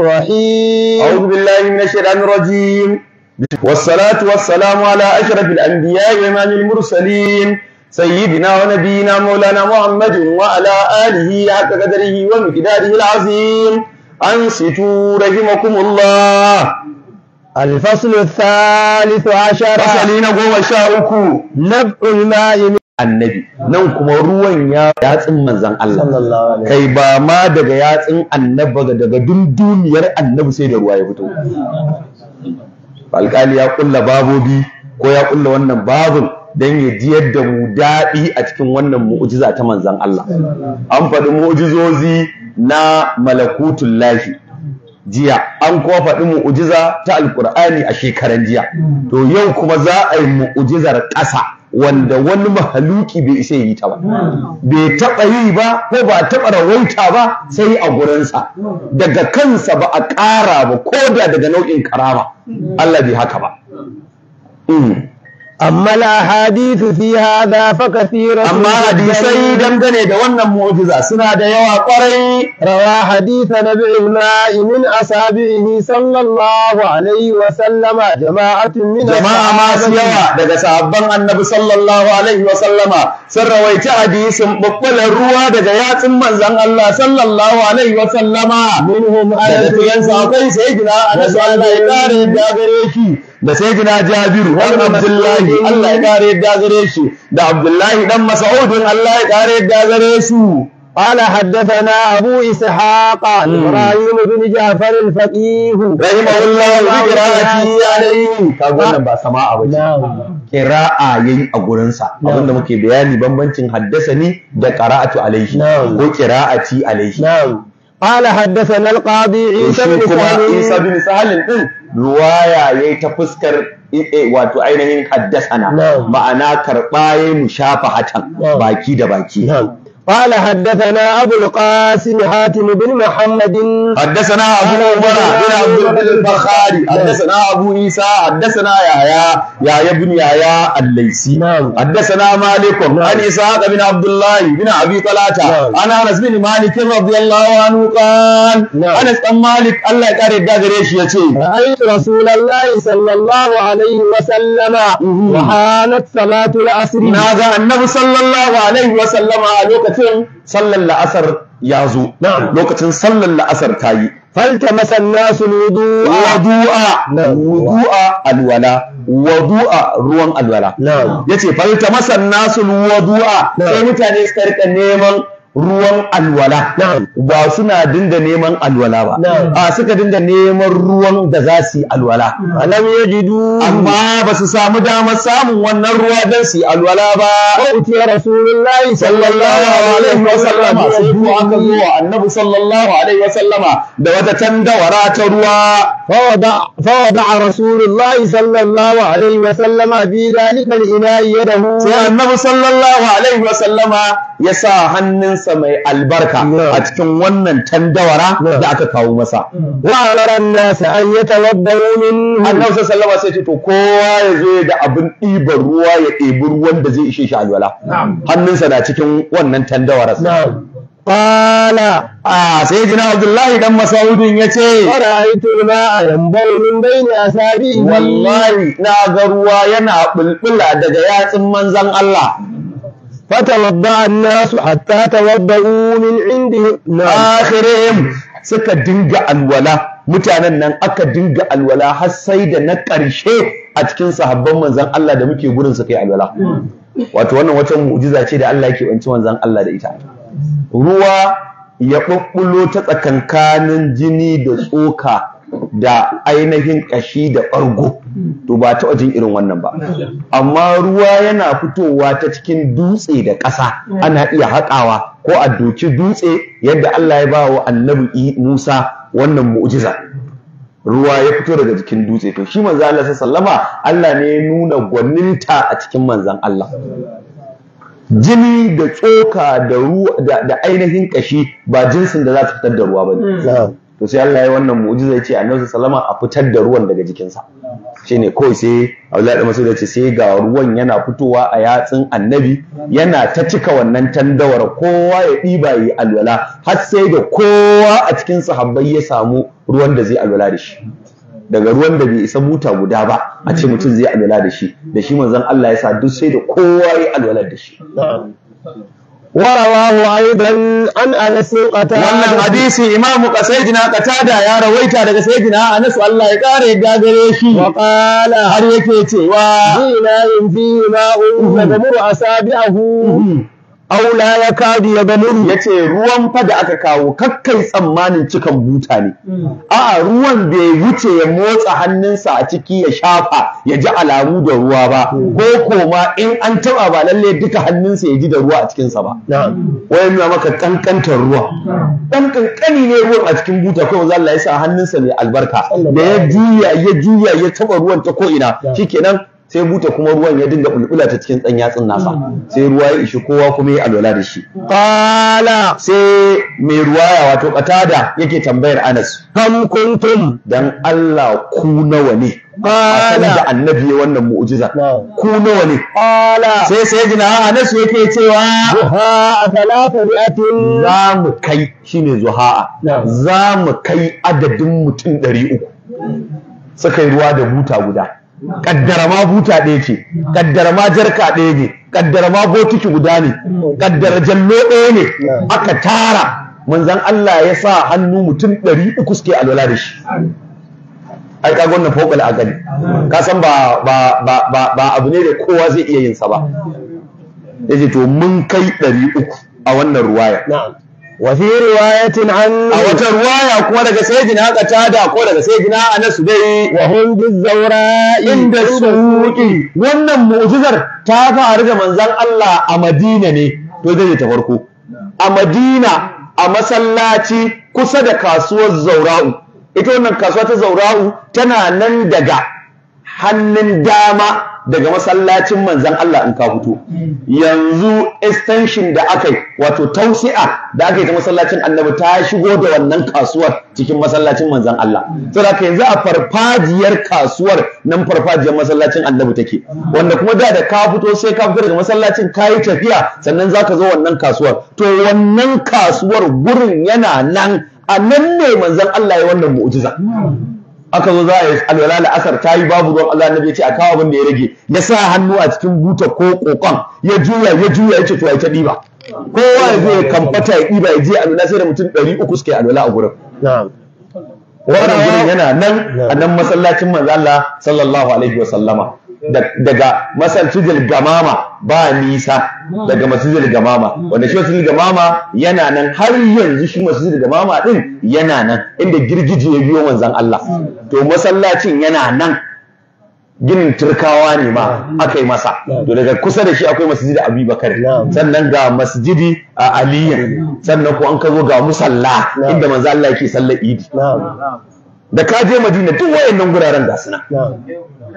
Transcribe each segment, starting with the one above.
الرحيم أعوذ بالله من الشيطان الرجيم والصلاة والسلام على أشرف الأنبياء وإمام المرسلين سيدنا ونبينا مولانا محمد وعلى آله حق قدره ومقداره العظيم أنصتوا رحمكم الله الفصل الثالث عشر فصلين قوة شاءكم نبع الماء annabi nan kuma ruwan ya yatsin manzan Allah kai ba ma daga yatsin annabi daga dunduniyar annabi sai da ruwa ya fito alƙali ya kulla babobi ko ya kulla wannan babin dan ya ji yadda mu daɗi a cikin wannan mu'jiza ta manzan Allah an faɗi mu'ujizozi na malakutul lahi jiya an kuma faɗi mu'ujiza ta alƙur'ani a shekaran jiya to yau kuma za a yi mu'ujizar ƙasa wanda wani mahaluki bai isa yi ta ba bai taɓa yi ba ko ba taɓa rawaita ba sai a gurinsa daga kansa ba a ƙara ba ko da daga nau'in karama Allah bai haka ba hmm. amma la hadithu fi hadha fa kathira amma hadisai dangane da wannan mu'jiza suna da yawa kwarai rawa haditha nabi'il ma'i min asabihi sallallahu alaihi wa sallama jama'atun min jama'a masu daga sahabban annabi sallallahu alaihi wa sallama sun rawaici hadisin bubbulan ruwa daga yatsun manzon Allah sallallahu alaihi wa sallama minhum ayyuhan sahabbai sayyidina anas Allah ya da sai gina Jabiru wani Abdullahi Allah ya kare yadda gare shi da Abdullahi dan masaudin Allah ya kare yadda gare su قال حدثنا أبو إسحاق إبراهيم بن جعفر الفقيه رحمه الله بقراءته عليه كابونا با سماع قراءة يي أقولنسا أقولنا مكي بياني بمبنتين حدثني دا قراءة عليه ko عليه قال حدثنا القاضي عيسى بن سهل ruwaya ya ta fuskar eh, eh, wato ainihin haddasana ma'ana karɓa ya mu shafa hatan baki da baki قال حدثنا أبو القاسم حاتم بن محمد حدثنا أبو عمر بن عبد البخاري حدثنا أبو عيسى حدثنا يحيى يحيى بن يحيى الليسي حدثنا مالك عن إسحاق بن عبد الله بن أبي طلحة عن أنس بن مالك رضي الله عنه قال أنس بن مالك الله يقرأ الدغريش يتي رأيت رسول الله صلى الله عليه وسلم وحانت صلاة العصر ماذا النبي صلى الله عليه وسلم على lokacin sallar la'asar ya zo lokacin sallar la'asar ta yi falta masan nasu wudu'a wudu'a alwala ruwan alwala yace falta masan nasu wudu'a sai mutane suka rika neman ruwan alwala ba suna dinda neman alwala ba a suka dinda neman ruwan da za su yi alwala alam du amma ba su samu damar samun wannan ruwa don su yi alwala ba uti rasulullahi sallallahu alaihi wa sallama su aka zo annabi sallallahu alaihi wa sallama da wata tandawara ta ruwa فوضع, فوضع رسول الله صلى الله عليه وسلم في ذلك الإناء يده sai annabi sallallahu alaihi wasallama ya sa hannunsa mai albarka a cikin wannan tandawara da aka kawo masa mm. wa alaran nasa an yatawaddaru min annabi sallallahu alaihi sai to kowa ya zo da abin ɗiban ruwa ya ɗebi ruwan da zai ishe shi alwala hannunsa na cikin wannan tandawara. Fala a ah, sai jina Abdullahi dan Masaudin ya ce, yi na a yambar min bai ne a sari. Wallahi na ga ruwa yana bulbula daga yatsun manzan Allah. Fatawabba nasu hatta tawabba'u min indi na suka dinga alwala mutanen nan aka dinga alwala har sai da na ƙarshe a cikin sahabban manzan Allah da muke gurin su kai alwala. Hmm. Wato wannan wata mu'jiza ce da Allah yake wanci manzan Allah da ita. ruwa ya ɓuɓɓulo ta tsakankanin jini da tsoka da ainihin ƙashi da ɓargo to ba ta jin irin wannan ba amma ruwa yana fitowa ta cikin dutse da ƙasa ana iya haƙawa ko a doki dutse yadda Allah ya ba wa annabi Musa wannan mu'ujiza. ruwa ya fito daga cikin dutse to shi manzo Allah sallama Allah ne ya nuna gwaninta a cikin manzon Allah jini da tsoka da ruwa da ainihin kashi ba jinsin da za ta fitar da ruwa ba ne hmm. to sai Allah ya wannan mu'jiza yace Annabi salama? a fitar da ruwan daga jikinsa shine kawai sai Abdullahi da masu ce sai ga ruwan yana fitowa a yatsun Annabi yana ta cika wannan tandawar kowa ya ɗiba yi alwala har sai da kowa a cikin sahabbai ya samu ruwan da zai alwala da shi daga ruwan da bai isa mota guda ba a ce mm. mutum zai alwala da shi da shi manzon Allah ya sa duk sai da kowa ya alwala da shi warawahu aidan an anasu qata wannan hadisi imamu qasaidina da ya rawaita daga sayyidina anasu Allah ya kare gagare shi wa qala har yake cewa dina in fi ma'u fa mm. damuru asabihu mm. aula ya kadi ya baluru ya ce ruwan fa da aka kawo kakkai tsammanin cikan buta ne a ruwan bai wuce ya motsa hannunsa a ciki ya shafa ya ji alamu da ruwa ba ko koma in an taba ba lalle duka hannunsa ya ji da ruwa a cikinsa ba wai nuna maka kankantar ruwa dan kankani ne ruwan a cikin buta ko manzo Allah ya sa hannunsa ne albarka da ya juya ya juya ya taba ruwan ta ko ina shikenan sai buta kuma ruwan ya dinga bulbula ta cikin dan yatsun nasa sai ruwa ya ishi kowa kuma ya alwala da shi qala sai mai ruwaya wato qatada yake tambayar Anas kam kuntum dan Allah ku nawa ne qala da annabi wannan mu'ujiza, ku nawa ne qala sai sayyidina Anas yake cewa zuha thalathatin za mu kai shine zuha za mu kai adadin mutum 300 suka yi ruwa da buta guda kaddara ma buta ɗaya ce kaddara ma jarka ɗaya ne kaddara ma botiki guda ne kaddara jallo ɗaya ne aka tara manzan Allah ya sa hannu mutum ɗari uku suke alwala da shi ai ka fokal a gani ka san ba abu ne da kowa zai iya yin sa ba ce, to mun kai ɗari uku a wannan ruwaya wa fi riwayatin an a wata riwaya kuma daga sayyidina qatada ko daga sayyidina anas dai wa hum bizawra inda suqi wannan mu'jizar ta faru da manzon Allah a Madina ne to zai ta farko a Madina a masallaci kusa da kasuwar Zaura'u ita wannan kasuwa ta Zaura'u tana nan daga hannun dama daga masallacin manzan Allah in ka fito yanzu extension da aka yi wato tausi'a da aka yi ta masallacin annabi ta shigo da wannan kasuwar cikin masallacin manzan Allah saboda haka yanzu a farfajiyar kasuwar nan farfajiyar masallacin annabi take wanda kuma da da ka fito sai ka fito daga masallacin kayi tafiya sannan zaka zo wannan kasuwar to wannan kasuwar gurin yana nan a nan ne manzan Allah ya wannan mu'jiza aka zo za a yi alwala asar ta yi babu ruwan Allah annabi ya ce a kawo abin da ya rage ya sa hannu a cikin buta ko kokon ya juya ya juya ya ce to ai ta diba kowa ya zo ya kamfata ya diba ya je alwala sai da mutum 300 suke alwala a gurin wannan gurin yana nan a nan masallacin manzo Allah sallallahu alaihi wa sallama daga masarcijil gamama ba nisa daga masarcijil gamama wanda shi gamama yana nan har yanzu shi masarcijil gamama din yana nan inda girgije ya biyo manzan Allah to masallacin yana nan ginin turkawa ne ma aka yi masa to daga kusa da shi akwai masjidi Bakar sannan ga masjidi a sannan ko an ka zo ga musalla inda manzo Allah yake sallar idi da ka je Madina duk wayannan guraren ga suna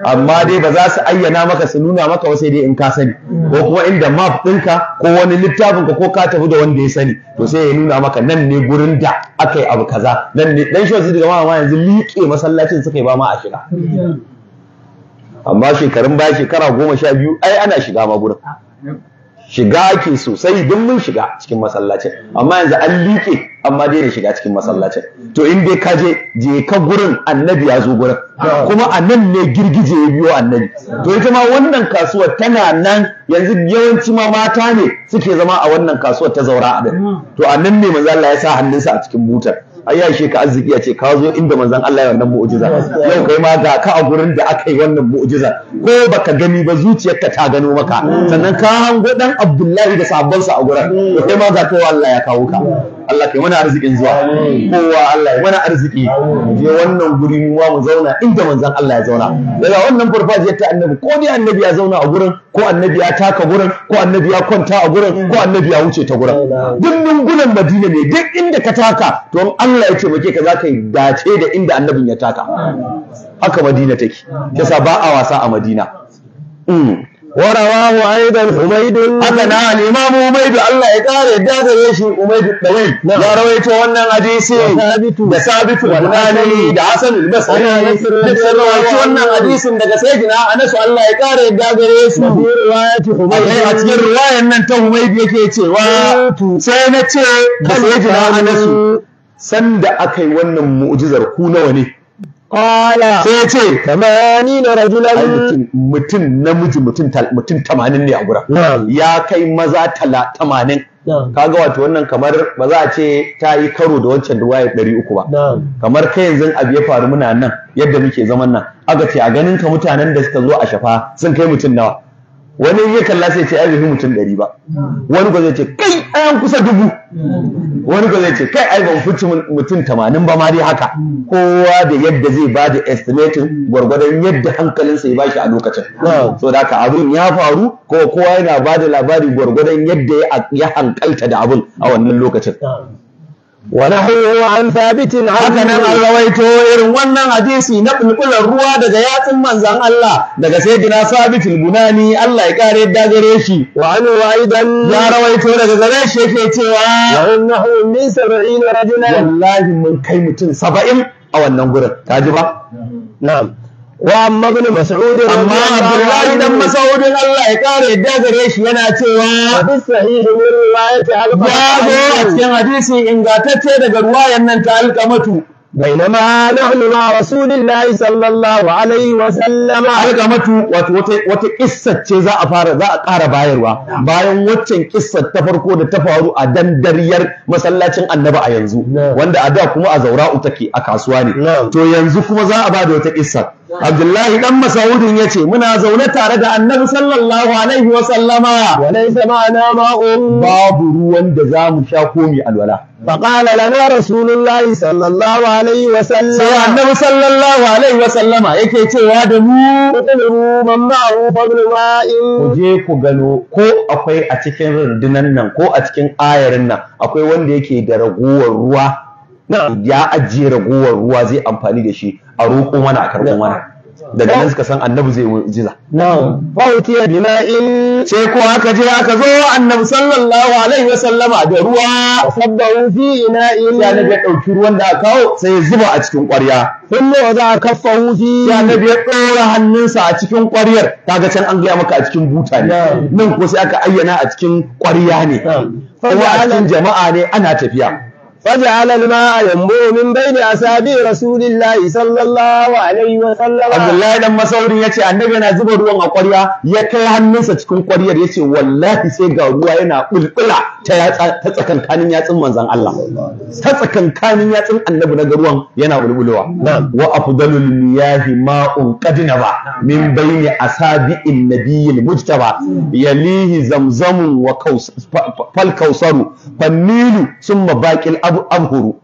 amma dai ba za su ayyana maka su nuna maka wasu dai in ka sani ko kuma inda map ɗinka ko wani littafin ka ko ka tafi da wanda ya sani to sai ya nuna maka nan ne gurin da aka yi abu kaza nan ne dan shi daga ma yanzu liƙe masallacin suka yi ba ma a shiga amma shekarun baya shekara goma sha biyu ai ana shiga ma gurin shiga ake sosai don mun shiga cikin masallacin amma yanzu an liƙe amma daina shiga cikin masallacin to in dai ka je je ka gurin annabi ya zo gurin kuma a nan ne girgije ya biyo annabi to ita ma wannan kasuwar tana nan yanzu yawanci ma mata ne suke zama a wannan kasuwar ta zaura a to a nan ne manzo Allah ya sa hannunsa a cikin butar ai ya ka arziki ya ce ka zo inda manzan Allah ya wannan mu'jiza yau kai ma ga ka a gurin da aka yi wannan mu'jiza ko baka gani ba zuciyarka ta gano maka sannan ka hango dan Abdullahi da sahabbansa a gurin kai ma ga kai Allah ya kawo ka Allah kai mana arzikin zuwa kowa Allah ya mana arziki je wannan guri mu mu zauna inda manzon Allah ya zauna daga wannan farfajiyar ta annabi ko dai annabi ya zauna a gurin ko annabi ya taka gurin ko annabi ya kwanta a gurin ko annabi ya wuce ta gurin duk lungunan Madina ne duk inda ka taka to Allah ya ce muke ka zaka yi dace da inda annabin ya taka haka Madina take yasa ba a wasa a Madina mm. ورواه ايضا حميد حدثنا الامام حميد الله يقال يدا ده شي حميد الدوي يا رويته wannan hadisi ثابت ثابت والاني ده حسن البصري رويته wannan hadisin daga sayyidina Anas Allah ya kare yadda ga Yesu riwayati Humayd a cikin riwayar nan ta Humayd yake cewa sai na ce da sayyidina Anas san wannan mu'jizar ku nawa ne Kwala. Sai ya ce. Tamani na rajulan. Mutum namiji mutum tamanin ne a gura. Ya kai maza tala tamanin. Kaga wato wannan kamar ba za a ce ta yi karo da wancan ruwaya ɗari uku ba. Kamar kai yanzu abu ya faru muna nan yadda muke zaman nan. Aga ce a ganin ka mutanen da suka zo a shafa sun kai mutum nawa. wani ya kalla sai ce ai bai mutum ɗari ba wani ko zai ce kai an kusa dubu wani ko zai ce kai ai ban fice mutum tamanin ba ma dai haka kowa da yadda zai ba da estimatin gwargwadon yadda hankalinsa ya ba shi a lokacin so da haka abin ya faru ko kowa yana ba da labari gwargwadon yadda ya hankalta da abin a wannan lokacin ونحوه عن ثابت عنه أكنا الرويت إرن ونن حديثي نقل كل الروا دقيات من زن الله دقا سيدنا ثابت البناني الله يقاري الدقريشي وعنه أيضا يا رويت دقا قريشي كيتوا وإنه من سبعين رجلا والله من كيمة سبعين أو النمبر تعجبا نعم واما ابن مسعود اما عبد الله بن مسعود الله يقال يدغ ريش yana cewa hadis sahih min riwayat alqa a cikin hadisi ingantacce daga ruwa nan ta alqamatu bainama nahnu ma rasulillahi sallallahu alaihi wa sallam alqamatu wato ce za a fara za ƙara bayarwa bayan waccan kissar ta farko da ta faru a dandariyar masallacin annaba a yanzu wanda a da kuma a zaura'u take a kasuwa ne to yanzu kuma za a ba da wata kissar Abdullahi dan Masaudin ya ce muna zaune tare da Annabi sallallahu alaihi wa sallama wa ma'ana ma'un babu ruwan da za mu sha ko alwala fa qala lana rasulullahi sallallahu alaihi wa sallama sai Annabi sallallahu alaihi wa sallama yake cewa da mu kutulu man ma'u fadlu ma'in ku je ku gano ko akwai a cikin rundunan nan ko a cikin ayarin nan akwai wanda yake da raguwar ruwa ya ajiye ragowar ruwa zai amfani da shi a roƙo mana a karɓo mana daga nan suka san annabi zai mu'jiza na'am fa utiya in. sai ko aka je aka zo annabi sallallahu alaihi wasallama da ruwa sabbahu fi ina'in ya nabi dauki ruwan da aka kawo sai ya zuba a cikin ƙwarya kullu wa za kaffahu fi ya nabi ya dora hannunsa a cikin ƙwaryar kaga can an gaya maka a cikin buta ne nan ko sai aka ayyana a cikin ƙwarya ne kuma a cikin jama'a ne ana tafiya وجعل الماء ينبوع من بين أصابع رسول الله صلى الله عليه وسلم عبد الله بن مسعود yace annabi yana zuba ruwan a ƙwarya ya kai hannunsa cikin ƙwaryar yace wallahi sai ga ruwa yana bulbula ta ta tsakankanin yatsun manzon Allah ta tsakankanin yatsun annabi na ruwan yana bulbulowa wa afdalul miyahi ma'un qadnaba min baini asabi'in nabiyil mujtaba yalihi zamzamun wa kaus fal kausaru fannilu summa baqil abu abhuru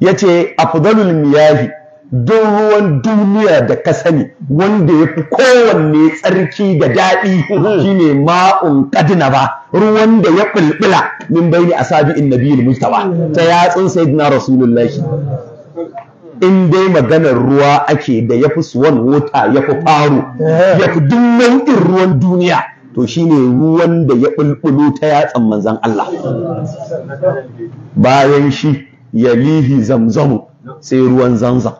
yace afdalul miyahi don ruwan duniya da ka sani wanda ya fi kowanne tsarki da daɗi shine ma'un kadina ba ruwan da ya ɓulɓula min baini asabi'in nabiyil mustawa ta yatsun sai sayyidina rasulullahi in dai maganar ruwa ake da ya fi suwan wuta ya fi faru ya fi duk ruwan duniya to shi ne ruwan da ya bulbulo ta yatsan manzan Allah bayan shi yalihi zamzamu sai ruwan zanzam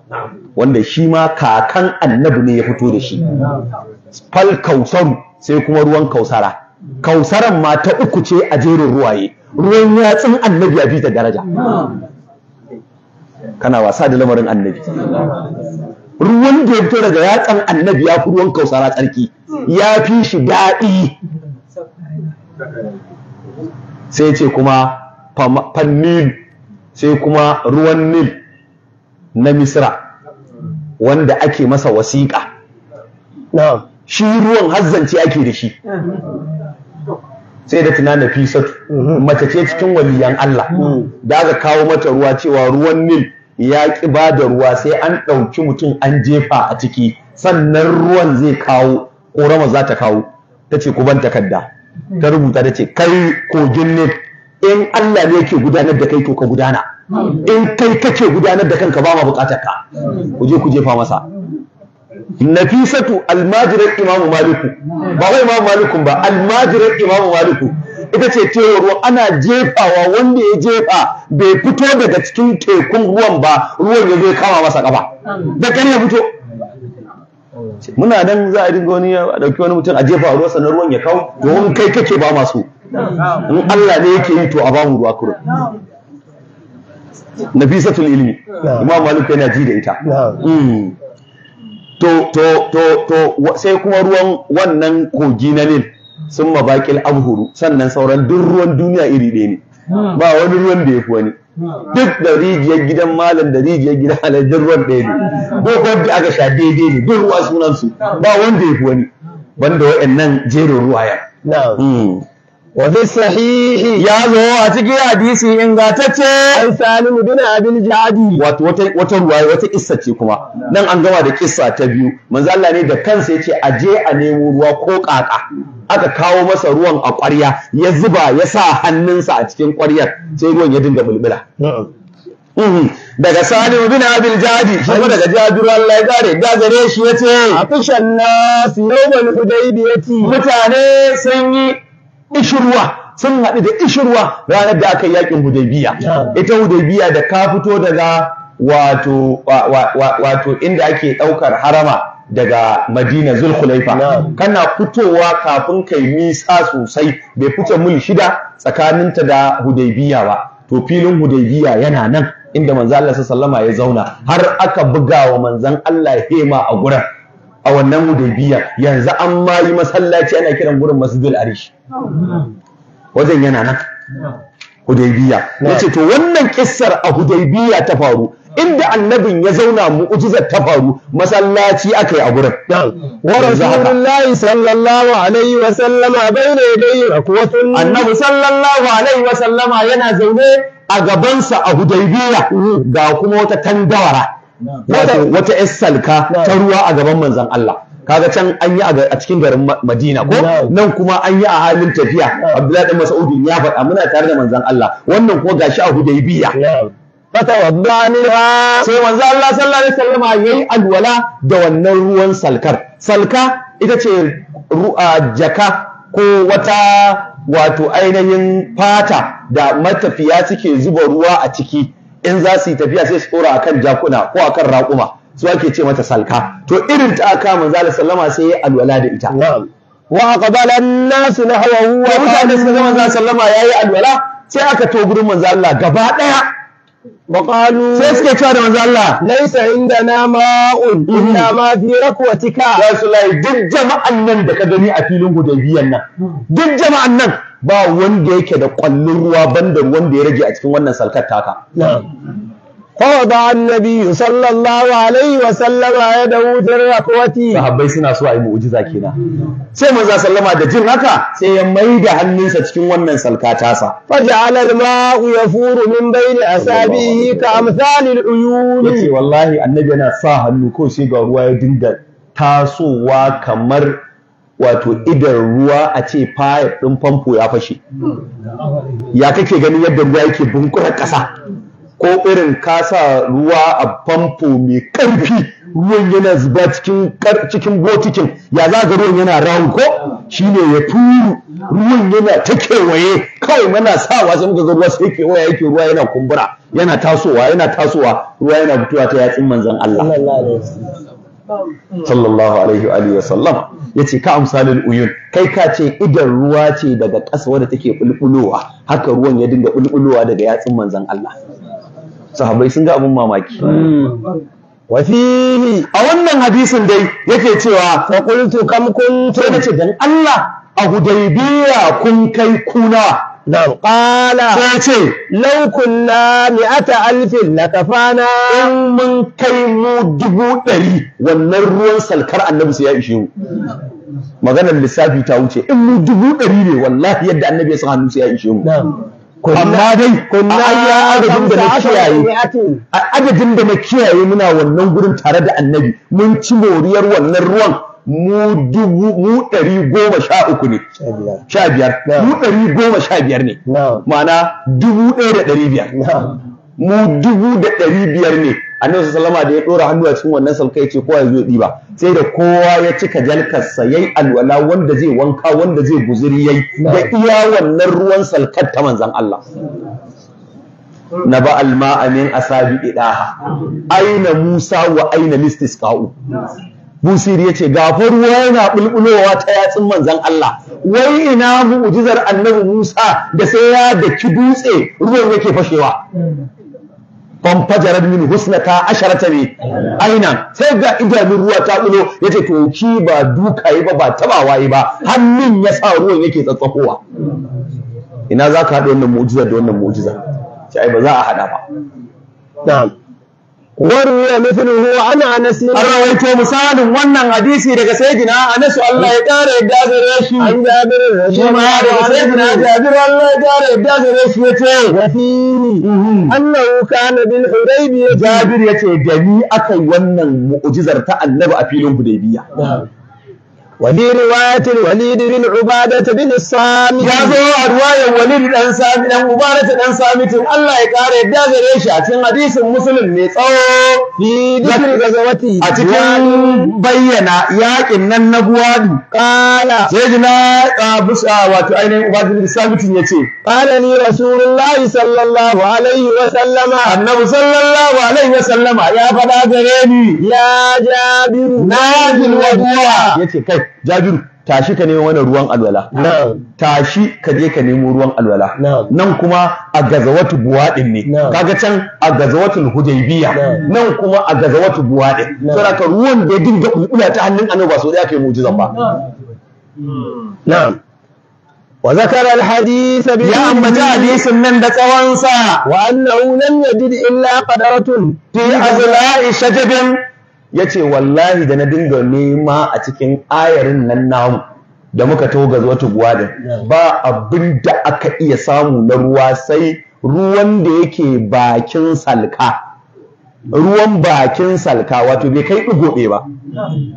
wanda shi ma kakan annabi ne ya fito da shi fal kausaru sai kuma ruwan kausara kausaran ma ta uku ce a jerin ruwaye ruwan yatsun annabi ya fi ta daraja kana wasa da lamarin annabi ruwan da ya fito daga yatsan annabi ya fi ruwan kausara tsarki ya fi shi daɗi sai ce kuma Fannin, sai kuma ruwan nil na Misira, wanda ake masa wasiƙa shi ruwan hazzance ake da shi sai da tunana fisatu mhm. mace ce cikin waliyan Allah mhm. da aka kawo mata ruwa cewa ruwan nil ya ƙi ba da ruwa sai an ɗauki mutum an jefa a ciki sannan ruwan zai kawo ƙorama za ta kawo ta ce ku ban takarda ta rubuta ta ce kai kogin ne in Allah ne yake gudanar da kai to ka gudana in kai kake gudanar da kanka ba ma buƙatar ka ku je ku jefa masa nafisatu almajirar imamu maliku ba wai imamu malikun ba almajirar imamu maliku ita ce tewar ruwa ana jefawa wanda ya jefa bai fito daga cikin tekun ruwan ba ruwan ya zai kama masa kafa da kan ya fito muna nan za a dinga wani ya dauki wani mutum a jefa ruwa sannan ruwan ya kawo domin kai kake ba masu in Allah ne yake yi to a bamu ruwa kurum nafisatul ilmi imam malik yana ji da ita mm. to to to to sai kuma ruwan wannan kogi na nil sun bakil abhuru sannan sauran duk ruwan duniya iri ɗaya ne ba wani ruwan da ya fi wani duk da rijiyar gidan malam da rijiyar gidan duk ruwan ɗaya ne duk da aka sha daidai ne duk ruwa sunansu ba wanda ya fi wani banda wa'annan jerin ruwaya hmm. sahihi ya zo a cikin hadisi ingantacce an salim bin abin jihadi wato wata wata ruwaya wata kissa ce kuma nan an gama da kisa ta biyu manzo Allah ne da kansa yace aje a nemo ruwa ko ƙaƙa. aka kawo masa ruwan a ƙwarya ya zuba ya sa hannunsa a cikin ƙwaryar sai ruwan ya dinga bulbula daga sani bin abin jadi shi kuma daga jabir shi ya ce, da gare shi yace atishan nas yawmal mutane sun yi ishirwa sun haɗu da ishirwa ranar da aka yi yakin hudaibiya. ita hudaibiya da ka fito daga wato inda ake ɗaukar harama daga Madina Zulkhulaifa kana fitowa kafin kai nisa sosai bai fice mil shida tsakaninta da hudaibiya ba to filin hudaibiya yana nan inda manzo Allah sallama ya zauna har aka buga wa Manzan Allah hema a gurin a wannan Hudaybiya yanzu an ma yi masallaci ana kiran gurin Masjidul Arish wajen yana nan Hudaybiya yace to wannan kissar a hudaibiya ta faru inda annabin ya zauna mu'jizar ta faru masallaci aka yi a gurin wa rasulullahi sallallahu alaihi wa sallama bayna yadayhi akwatun annabi sallallahu alaihi wa sallama yana zaune a gabansa a hudaybiya mm. ga kuma wata tandawara wata yar salka ta ruwa a gaban manzon Allah kaga can an yi a cikin garin Madina ko nan kuma an yi a halin tafiya Abdullahi dan masudi ya faɗa muna tare da manzon Allah wannan kuma gashi a Hudaybiya fatawadda sai manzo Allah sallallahu alaihi wasallam yayi alwala da wannan ruwan salkar salka ita ce jaka ko wata wato ainihin fata da matafiya suke zuba ruwa a ciki in za su yi tafiya sai su tsora akan jakuna ko akan raƙuma su ake ce mata salka to irin ta aka manzo sallama sai ya alwala da ita wa aqbala an-nas nahwahu wa mutane suka ga manzo yayi alwala sai aka to gurin manzo Allah gaba daya وقالوا سيسكت هذا من الله ليس عندنا ماء إلا ما في ركوتك يا رسول الله Duk jama'an nan da ka gani a filin biyan nan duk jama'an nan ba wanda yake da kwallon ruwa da ruwan da ya rage a cikin wannan salkar taka فوضع النبي صلى الله عليه وسلم يده في الركوة sahabbai suna so a yi mu'jiza kenan sai maza sallama da jin haka sai ya maida hannunsa cikin wannan salka tasa faja'ala al-ma'u yafuru min bayni asabihi ka amsalil uyun yace wallahi annabi yana sa hannu ko sai ga ruwa ya dinga tasowa kamar wato idon ruwa a ce fayar ɗin famfo ya fashe ya kake ganin yadda ruwa yake bunkurar ƙasa ko irin kasa ruwa a famfo mai ƙarfi ruwan yana zuba cikin botikin ya za ga ruwan yana rawu ko shine ya turu ruwan yana ta kewaye kawai mana sawa sai muka ga ruwa sai kewaye yake ruwa yana kumbura yana tasowa yana tasowa ruwa yana fitowa ta yatsin manzon Allah sallallahu alaihi wa alihi wa sallam yace ka amsalul uyun kai ka ce idan ruwa ce daga ƙasa wadda take bulbulowa haka ruwan ya dinga bulbulowa daga yatsin manzon Allah sahabbai sun ga abin mamaki hmm. wa a wannan hadisin dai yake cewa fa qultu kam kuntu sai nace dan Allah a hudaybiya kun kai kuna Na'am. ƙala sai ce lau kunna mi'ata alfin kafa na. in mun kai mu dubu ɗari wannan ruwan salkar annabi sai ya ishe mu maganar lissafi ta wuce in mu dubu ɗari ne wallahi yadda annabi ya sa hannu sai ya ishe mu amma dai kunna ya adadin da na kiyaye a adadin da na kiyaye muna wannan gurin tare da annabi mun ci moriyar wannan ruwan mu dubu mu ɗari goma sha uku ne sha biyar mu ɗari goma sha biyar ne ma'ana dubu ɗaya da ɗari biyar mu dubu da ɗari biyar ne annabi sallama da ya dora hannu a cikin wannan salka yace kowa ya zo diba sai da kowa ya cika jalkarsa yayi alwala wanda zai wanka wanda zai guzuri yayi da iya wannan ruwan salkar ta manzan Allah naba alma'a min asabi idaha aina musa wa aina listisqa'u busiri yace gafar ruwa yana bulbulowa ta yatsun manzan Allah wai ina mu'jizar annabi Musa da sai ya daki dutse ruwan yake fashewa fanfajarar min husnata asharata ne aina sai ga idanun ruwa ta bulo yace to ba duka yi ba ba tabawa ba hannun ya sa ruwan yake tsatsakowa ina za ka wannan mu'jiza da wannan mu'jiza sai ba za a haɗa ba na'am وروي مثله عن انس رويت misalin wannan hadisi daga sayyidina Anas Allah ya kare yadda shi an jabir shi ma daga sayyidina Jabir Allah ya kare yadda gare shi yace wafini annahu kana bil hudaybiya Jabir yace da ni akai wannan mu'jizar ta Annabi a filin Hudaybiya وفي رواية الوليد بن عبادة بن الصامت يا زو رواية الوليد بن صامت بن عبادة بن صامت الله يقال يبدا غريش أتين حديث مسلم ميتو في ذكر غزوتي أتكن بينا يا إن النبوان قال سيدنا أبوس واتو عبادة بن صامت يتي قال لي رسول الله صلى الله عليه وسلم النبي صلى الله عليه وسلم يا فدا غريبي يا جابر نازل وضوع يتي كيف jabiru tashi ka nemo mana ruwan alwala tashi ka je ka nemo ruwan alwala nan kuma a gazawatu buwaɗin ne kaga can a gazawatu hujjabiya. nan kuma a gazawatu buwadin saboda ruwan da ya dinga bulbula ta hannun annabi ba so da kai mu'jizan ba na'am وذكر الحديث به يا أم حديث من دكوانسا وأنه لم يجد إلا قدرة في أزلاء شجب ya ce wallahi da na dinga nema a cikin ayarin nan namu da muka toga zuwa tuguwa da ba abin da aka iya samu na ruwa sai ruwan da yake bakin salka ruwan bakin salka wato bai kai ɗigoɓe ba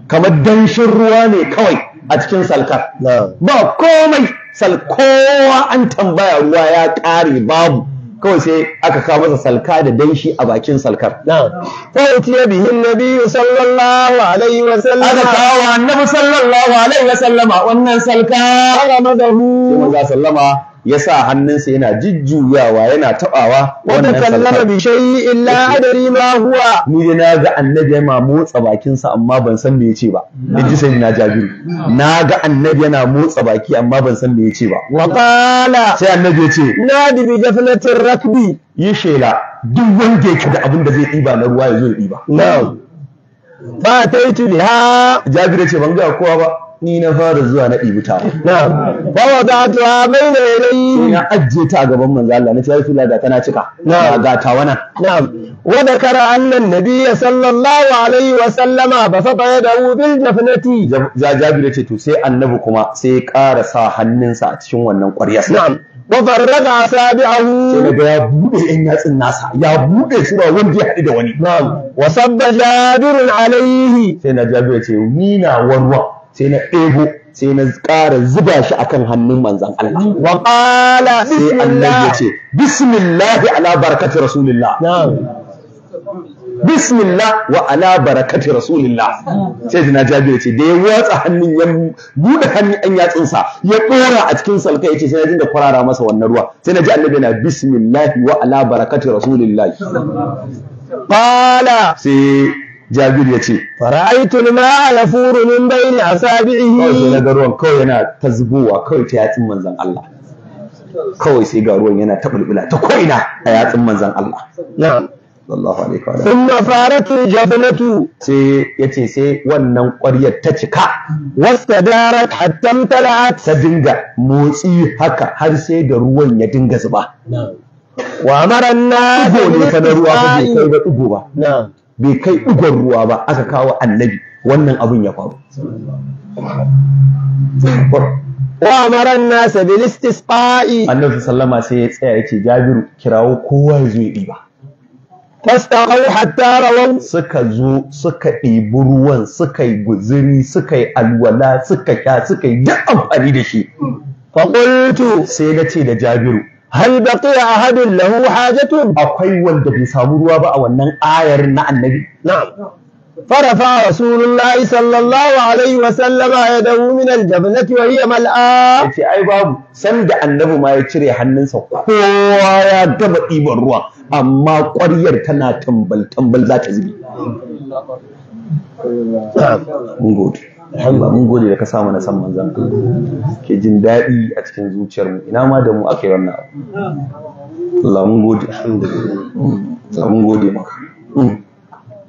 kamar danshin ruwa ne kawai a cikin salka, ba komai salkowa an tambaya ruwa ya ƙare babu kawai sai aka kawo masa salka da danshi a bakin salkar. yi tiya bihin biyu sallallahu alaihi wa sallama. Aka kawo annabi sallallahu alaihi wa sallama wannan salka. Ara madahu. Sai sallama ya sa hannunsa yana jujjuyawa yana tabawa wannan kallama bi shay'i illa adri ma huwa ni dai na ga annabi yana motsa bakinsa amma ban san me yace ba ji sai na jabiru na ga annabi yana motsa baki amma ban san me yace ba wa qala sai annabi yace di bi gaflatir rakbi yi shela duk wanda yake da abin da zai ɗiba na ruwa ya zo ya ɗiba ba ta yi tuni ha jabiru ce ban ga kowa ba ni na fara zuwa na ɗibi ta na'am ba wa da ta mai da yayi na ajje ta a gaban manzo Allah na ce ya rasulullah da tana cika na'am ga ta wannan na'am wa dakara annan nabiyya sallallahu alaihi wa sallama ba fa ba da bil jafnati ja jabir ce to sai annabi kuma sai ya ƙara sa hannunsa a cikin wannan ƙwaryar na'am wafarraga asabi'ahu sai daga ya bude yan yatsin nasa ya bude shi ba wanda ya haɗu da wani na'am wa sabba jabirun alaihi sai na jabir ce ni na warwa sai na ɗebo sai na ƙara zuba shi a kan hannun manzan Allah wa ƙala sai Allah ya ce bismillah ala barakati rasulillah bismillah wa ala barakati rasulillah sai jina ya ce da ya watsa hannun ya buɗe hannun an yatsinsa ya ɗora a cikin salka ce sai na da kwarara masa wannan ruwa sai na ji bai na. bismillah wa ala barakati rasulillah Ƙala sai jabir ya ce fara'aitul ma ya furu min bayni asabihi kawai sai na ga ruwan kawai yana ta zubowa kawai ta yatsun manzon Allah kawai sai ga ruwan yana ta bulbula ta ko'ina a yatsun manzon Allah na'am sallallahu alaihi wa sallam faratu jabalatu sai yace sai wannan ƙwaryar ta cika wastadarat hatta talat ta dinga motsi haka har sai da ruwan ya dinga zuba na'am wa maranna na ne kana ruwa ba kai ga dugo ba na'am bai kai ugon ruwa ba aka kawo annabi wannan abun ya faru wa amaran nasa bil istisqa'i annabi sallama sai ya tsaya yace jabiru kirawo kowa ya zo ya diba fastaqaw hatta suka zo suka ɗibi ruwan suka yi guzuri suka yi alwala suka kya suka yi duk amfani da shi fa qultu sai na ce da jabiru Halbaƙi a hadin lahu haja tun. Akwai wanda bai samu ruwa ba a wannan ayar na Annabi. Farafa wasulillah a'isa lallaw'alai wa sallaba ya da'uminar ai babu mal'a'a. Sanda annabi ma ya cire hannunsa kowa ya taɓa iban ruwa amma ƙwaryar tana tambal tambal za ta zibe. Allah mun gode da ka sa mana san manzan ke jin daɗi a cikin zuciyar mu ina ma da mu aka yi wannan abu Allah mun gode alhamdulillah mun gode maka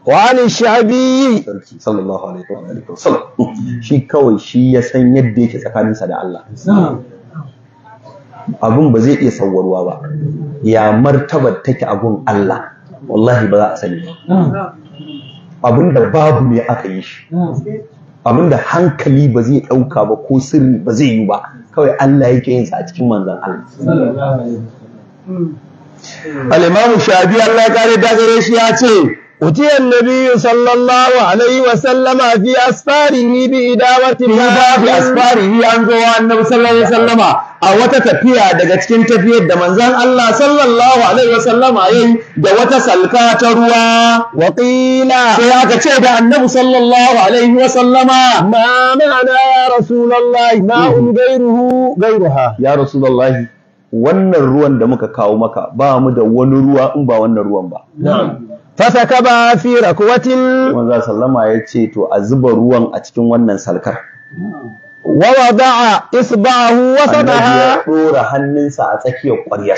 wa ani shabi sallallahu alaihi wa sallam. shi kawai shi ya san yadda yake tsakaninsa da Allah abun ba zai iya sawarwa ba ya martabar take abun Allah wallahi ba za a sani abun da babu ne aka yi shi da hankali ba zai ɗauka ba ko sirri ba zai yi ba kawai Allah yake yin sa a cikin manzon Allah al imam shafi Allah ya kare da shi ya ce أتي النبي صلى الله عليه وسلم في أسفاره بإداوة في أسفاره أنزوا النبي صلى الله عليه وسلم أو تتفيا كنت في دمنزان الله صلى الله عليه وسلم أي دوة سلكا تروى وقيل سياك تشهد النبي صلى الله عليه وسلم ما معنى يا رسول الله ما هم غيره غيرها يا رسول الله wannan ruwan da muka kawo maka ba mu da wani ruwa in ba wannan ruwan ba na'am fasaka ba fi rakwatin manzo sallama ya ce to a zuba ruwan a cikin wannan salkar wa wada'a isba'ahu wasadaha ya dora hannunsa a tsakiyar ƙwaryar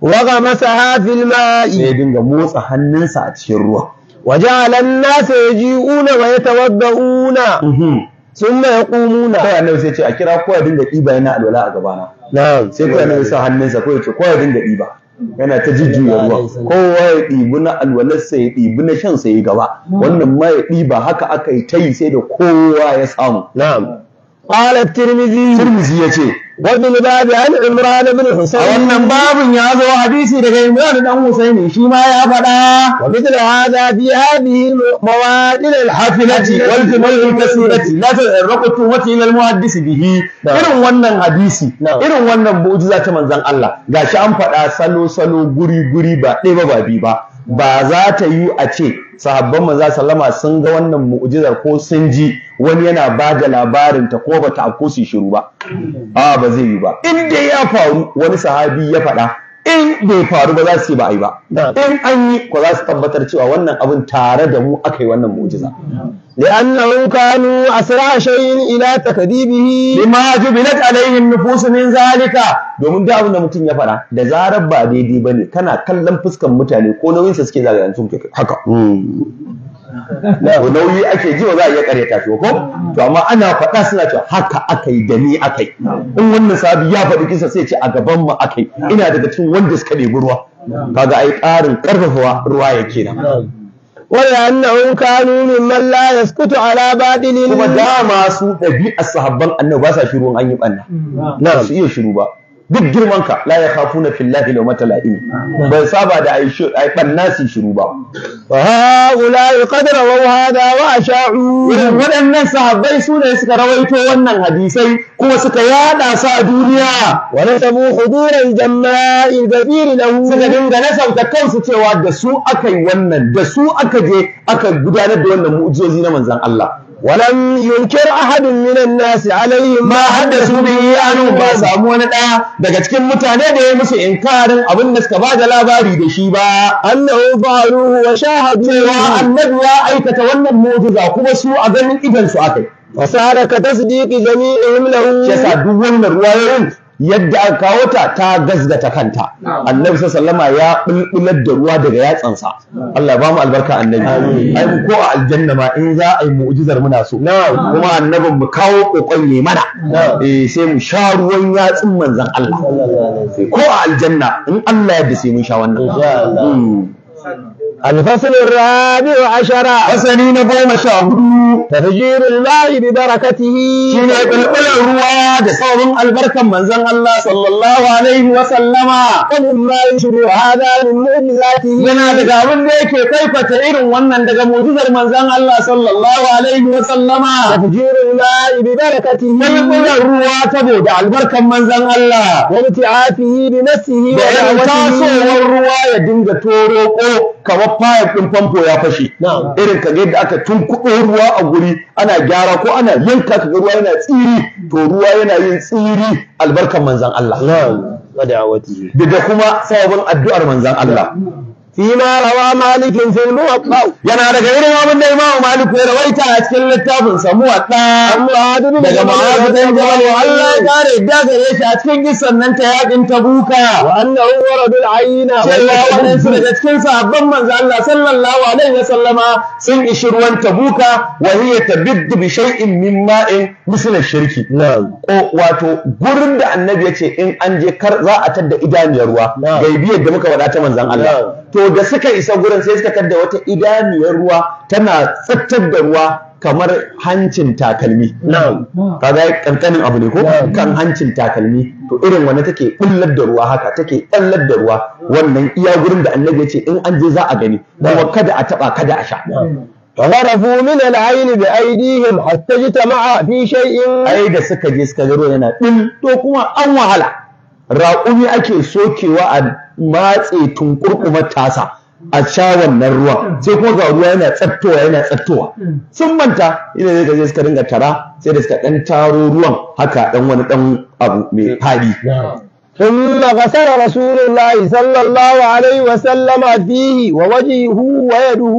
wa masa fil ma'i sai dinga motsa hannunsa a cikin ruwa wa ja'ala an-nasa yaji'una wa yatawadda'una summa mhm. yaqumuna sai annabi sai ce a kira ya dinga diba yana alwala a gabana sai kowa ne ya sa hannunsa ko ya ce ya dinga diba yana ta jujjuya ruwa kowa ya ɗibi na alwalarsa ya ɗibi na shan ya gaba wannan ma ya ɗiba haka aka yi ta yi sai da kowa ya samu na'am qala tirmidhi tirmidhi yace wani babu ya ni imra da bin a wannan babin ya zo hadisi daga imra da dan Hussaini shi ma ya faɗa wa mithl hadha fi hadhihi mawadil al hafilati wal jumal al kasirati la tarqatu wa til al muhaddis bihi irin wannan hadisi irin wannan bujiza ta manzon Allah Ga shi an faɗa salo salo guri guri ba ɗaya ba ba ba ba za ta yi a ce sahabban maza sallama sun ga wannan mu'jizar ko sun ji wani yana ba da labarin ta ko bata ko su shiru ba a ba zai yi ba in dai ya faru wani sahabi ya faɗa in bai faru ba za su yi ba a yi ba in an yi ko za su tabbatar cewa wannan abin tare da mu aka yi wannan mu'jiza لأنهم كانوا أسرع شيء إلى تكذيبه لما جبلت عليه النفوس من ذلك domin da abin da mutum ya fara da zarar ba daidai bane kana kallon fuskan mutane ko nauyin sa suke zagayen sun haka ko nauyi ake ji za a iya kareta shi ko to amma ana faɗa suna cewa haka akai da ni akai in wannan sabi ya faɗi kisa sai ce a gaban mu akai ina daga cikin wanda suka ɗebi ruwa kaga ai ƙarin ƙarfafawa ruwa yake nan ولأنهم كانوا ممن لا يسكت على باطل kuma dama su ɗabi'ar sahabban annabi ba sa shiru an yi ɓanna mm. na su iya shiru ba duk girmanka la ya kafu na fillahi da matala'in bai saba da a ɓanna shiru ba ha'ula ya kadara wa wa a sha'u waɗannan sahabbai su ne suka rawaito wannan hadisai kuma suka yada su a duniya wa samu huduran jama'i gabiri lahu suka dinga na sauta kansu cewa da su aka yi wannan da su aka je aka gudanar da wannan mu'ujizozi na manzon Allah ولم ينكر أحد من الناس عليهم ما حدثوا به عنه ba samu wani ɗaya daga cikin mutane da ya musu inkarin abin da suka ba da labari da shi ba annahu faruhu wa shahadu cewa annabi ya aikata wannan mu'jiza kuma su a ganin idan su akai fasara ka tasdiqi lahu yasa duk wannan ruwayoyin yadda aka kawo ta ta gazgata kanta annabi sallama ya bulbular da ruwa daga yatsansa Allah ba mu albarka annabi ai ko a aljanna ma in za a yi mu'jizar muna so kuma annabin mu kawo kokon ne mana eh sai mu sha ruwan yatsun manzon Allah ko a aljanna in Allah ya dace mun sha wannan الفصل الرابع عشر فصلي نقوم شهر تفجير الماء ببركته شنو قلقل الروا دصاب البركة من زن الله صلى الله عليه وسلم ومما يشبه هذا من مؤمناته لنا دقابل ليك كيف تعير وانا دقا موجزر من زن الله صلى الله عليه وسلم تفجير الماء ببركته قلقل الروا تبود البركة من زن الله وابتعافه بنفسه وابتعافه والروا يدنج تورو kamar fayar ɗin famfo ya fashe irin kaga yadda aka tunkuɗo ruwa a guri ana gyara ko ana yanka ga ruwa yana tsiri to ruwa yana yin tsiri albarkan manzan Allah da kuma sababin addu'ar manzan Allah فيما روى مالك في الموطا yana daga irin abin da Imam Malik ya rawaita a cikin littafin sa da daga Mu'adh bin Jabal Allah ya kare gare shi a cikin gissan nan ta yakin Tabuka wa annahu waradul ayina cewa wannan su daga cikin sahabban manzo Allah sallallahu alaihi wa sallama sun ishi ruwan Tabuka wa hiya tabiddu bi shay'in min ma'in misl shirki ko wato gurin da annabi ya ce in an je kar za a tadda idaniyar ruwa gaibiyar da muka wadata manzon Allah to da suka isa gurin sai suka kadda wata idaniyar ruwa tana tsattar da ruwa kamar hancin takalmi kaga kankanin abu ne ko kan hancin takalmi to irin wani take kullar da ruwa haka take kullar da ruwa wannan iya gurin da annabi ya ce in an je za a gani kuma kada a taba kada a sha غرفوا من bi بأيديهم حتى اجتمع fi shay'in Ai da suka je suka ruwa yana din to kuma an wahala raƙumi ake sokewa a matse tunkurkuma tasa a sha nan ruwa sai kuma ga ruwa yana tsattowa yana tsattowa sun manta ina zai gaje suka dinga tara sai da suka dan taro ruwan haka dan wani dan abu mai fadi alaihi wa sallama, الله wa الله عليه وسلم فيه ووجهه ويده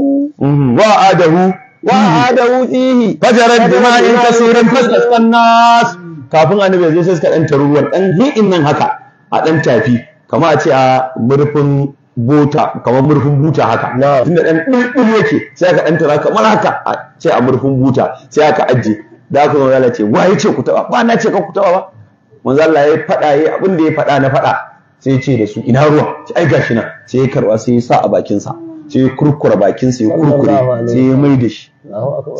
وعاده وعاده فيه فجر الدماء كثيرا فاستسقى الناس kafin annabi ya je sai suka dan taro ruwan dan hi'in nan haka a dan tafi kamar a ce a murfin buta kamar murfin buta haka tunda dan ɗin yake sai aka ɗan tara kamar haka a ce a murfin buta sai aka ajiye da aka zama Allah ce wa ya ce ku taɓa ba na ce ka ku taɓa ba manzo Allah ya faɗa ya abin da ya faɗa na faɗa sai ya ce da su ina ruwa sai ai gashi nan sai ya karwa sai ya sa a bakin sa sai ya kurkura bakin sai ya kurkure sai ya mai da shi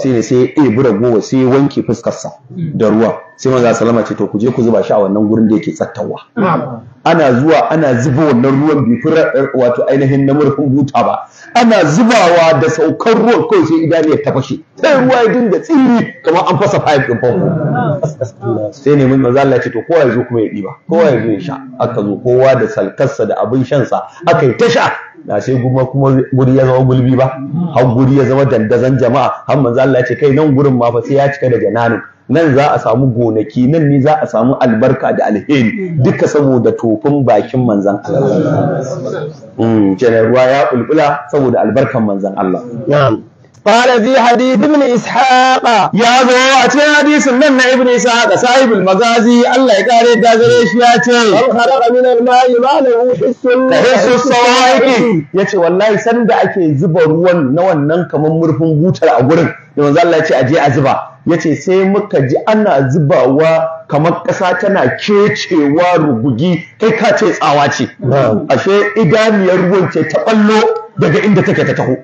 sai ne sai ya ɗebi ragowa sai ya wanke fuskarsa da ruwa sai manzo salama ce to ku je ku zuba shi a wannan gurin da yake tsattawa ana zuwa ana zuba wannan ruwan bi wato ainihin na murfin buta ba ana zubawa da saukar ruwan kawai sai idan ya tafashe sai ruwa ya dinga tsiri kamar an fasa fayif din famfo sai ne mun manzo ce to kowa ya zo kuma ya ɗiba kowa ya zo ya sha aka zo kowa da salkarsa da abin shansa aka yi tasha. da sai kuma kuma guri ya zama gulbi ba har guri ya zama dandazon jama'a har manzo Allah ya ce kai nan gurin ma fa sai ya cika da jananin nan za a samu gonaki nan ne za a samu albarka da alheri duka saboda tofin bakin manzan Allah mm, ruwa ya kulkula saboda albarkan manzan Allah قال في حديث ابن إسحاق يا زو أتي حديث من ابن إسحاق صاحب المغازي الله يقاري قادر إيش ياتي خلق من الماء ما له حس حس الصواعق يتي والله سند أكي زبا روان نوان ننك من مرفن بوتر أقولن يوم الله يتي أجي أزبا يتي سي مكة جي أنا زبا و kamar kasa tana kecewa rugugi kai ka ce tsawa ce ashe idaniyar ruwan ce ta ballo daga inda take ta taho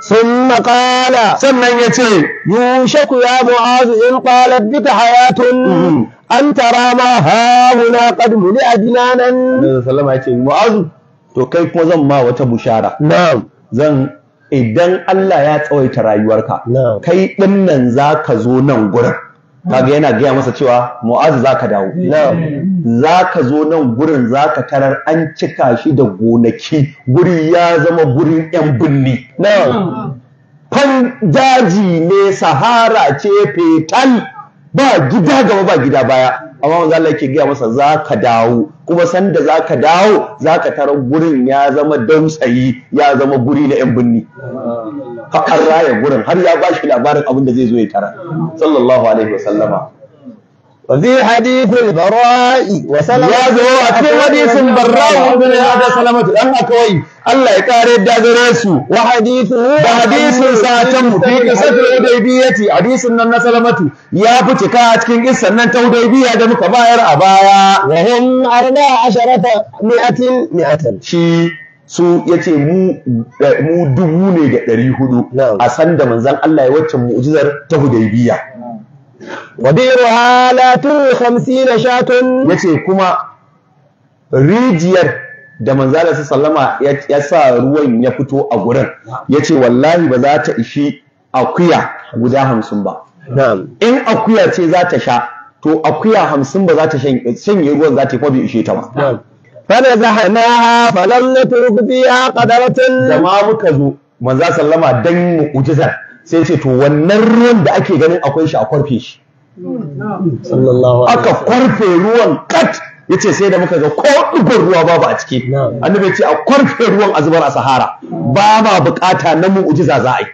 summa qala sannan yace yushaku ya mu'azu in qala bika hayatun an tara ma ha huna qad muli ajnanan nabi sallama yace mu'az to kai kuma zan ma wata bushara idan Allah ya tsawaita rayuwarka kai dinnan zaka zo nan gurin kaga yana gaya masa cewa mu'azu za ka dawo za ka zo nan gurin za ka tarar an cika shi da gonaki guri ya zama gurin yan binni fan daji ne sahara ce fetal ba gida gaba ba gida baya amma manzo Allah yake gaya masa za ka dawo kuma sanda za ka dawo za ka tara gurin ya zama dausayi ya zama guri na yan binni har raya gurin har ya bashi labarin abin da zai zo ya tara sallallahu alaihi wasallama وفي حديث البراء وسلم يا زوا في حديث البراء وابن هذا سلمة أنا كوي الله يكاري الدازرسو وحديثه وحديث ساتم في قصة الحديبية حديث أن سلمة يا بتكا أتكين قصة أن توديبية دم كبائر أبايا وهم أربع عشرة مئة مئة شي su yace mu mu dubu ne ga ɗari a san da manzon Allah ya wacce mu'jizar ta hudaybiya wadiru halatu hamsina shatun ce kuma rijiyar da manzala su sallama ya sa ruwan ya fito a gurin ce wallahi ba za ta ishi akuya guda hamsin ba in akuya ce za ta sha to akuya hamsin ba za ta shanye ruwan za ta kuma ishe ta ba فنزحناها فلم نترك فيها قدرة جماعة muka zo manzo sallama dan mu'ujizar. sai ce to wannan ruwan da ake ganin akwai shi a kwarfe shi aka kwarfe ruwan kat yace sai da muka ga ko ɗigon ruwa babu a ciki annabi ya ce a kwarfe ruwan a zubar a sahara ba ma bukata na mu'ujiza za a yi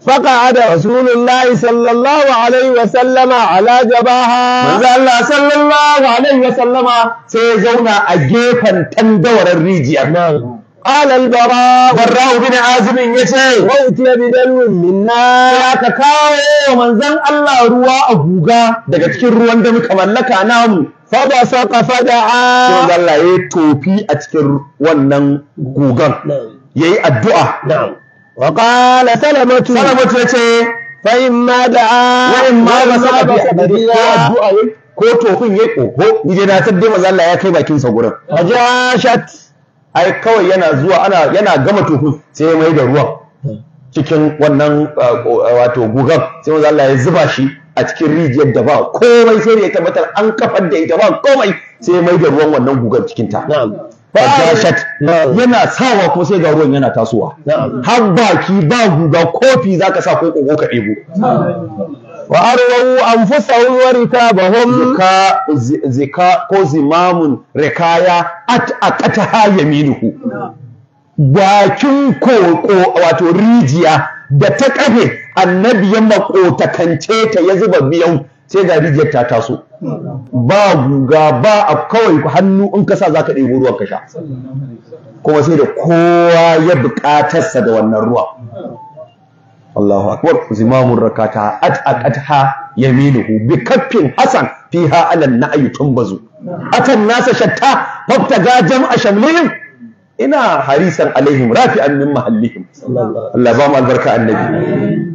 faka ada الله صلى الله عليه وسلم ala جباها manzo sallallahu alaihi wasallama sai ya zauna a gefen tandawar rijiyar قال البراء azumin بن عازم يتي وأتي بدلو من نار aka kawo manzon Allah ruwa a guga daga cikin ruwan da muka mallaka namu fada saqa fada'a sai Allah ya tofi a cikin wannan gugan yayi addu'a wa qala salamatu salamatu yace fa imma da'a wa imma basaba bi ko tofin yayi oho na tadde manzon Allah ya kai bakinsa sa gurin ajashat ai kawai yana zuwa ana yana gama tuku sai mai da ruwan cikin wannan eh, wato gugan sai wanzu Allah ya zuba shi a cikin rijiyar da ba komai sai ya tabbatar an kafar da ita ba komai sai mai da ruwan wannan gugan cikin ta Fajashat yana sawa ko sai ga ruwan yana tasowa. Har baki ba guga kofi zaka sa ko kogo ka ɗebo. wa arwahu an wa rikabahum zika zika zimamun rikaya at aqataha yaminuhu bakin koko rijiya da ta kafe annabi ya makotakance ta ya zuba biyan sai ga rijiyar ta taso ba guga ba a kawai hannu in kasa sa za ka ɗebo ruwan ka sha kuma sai da kowa ya buƙatarsa da wannan ruwa Allahu akbar zimamun rakata at aqatha yaminuhu bi kaffin hasan fiha alan na'yi tumbazu atan nasa shatta fabtaga jam'a shamlihim ina harisan alaihim rafi'an min mahallihim Allah ba mu annabi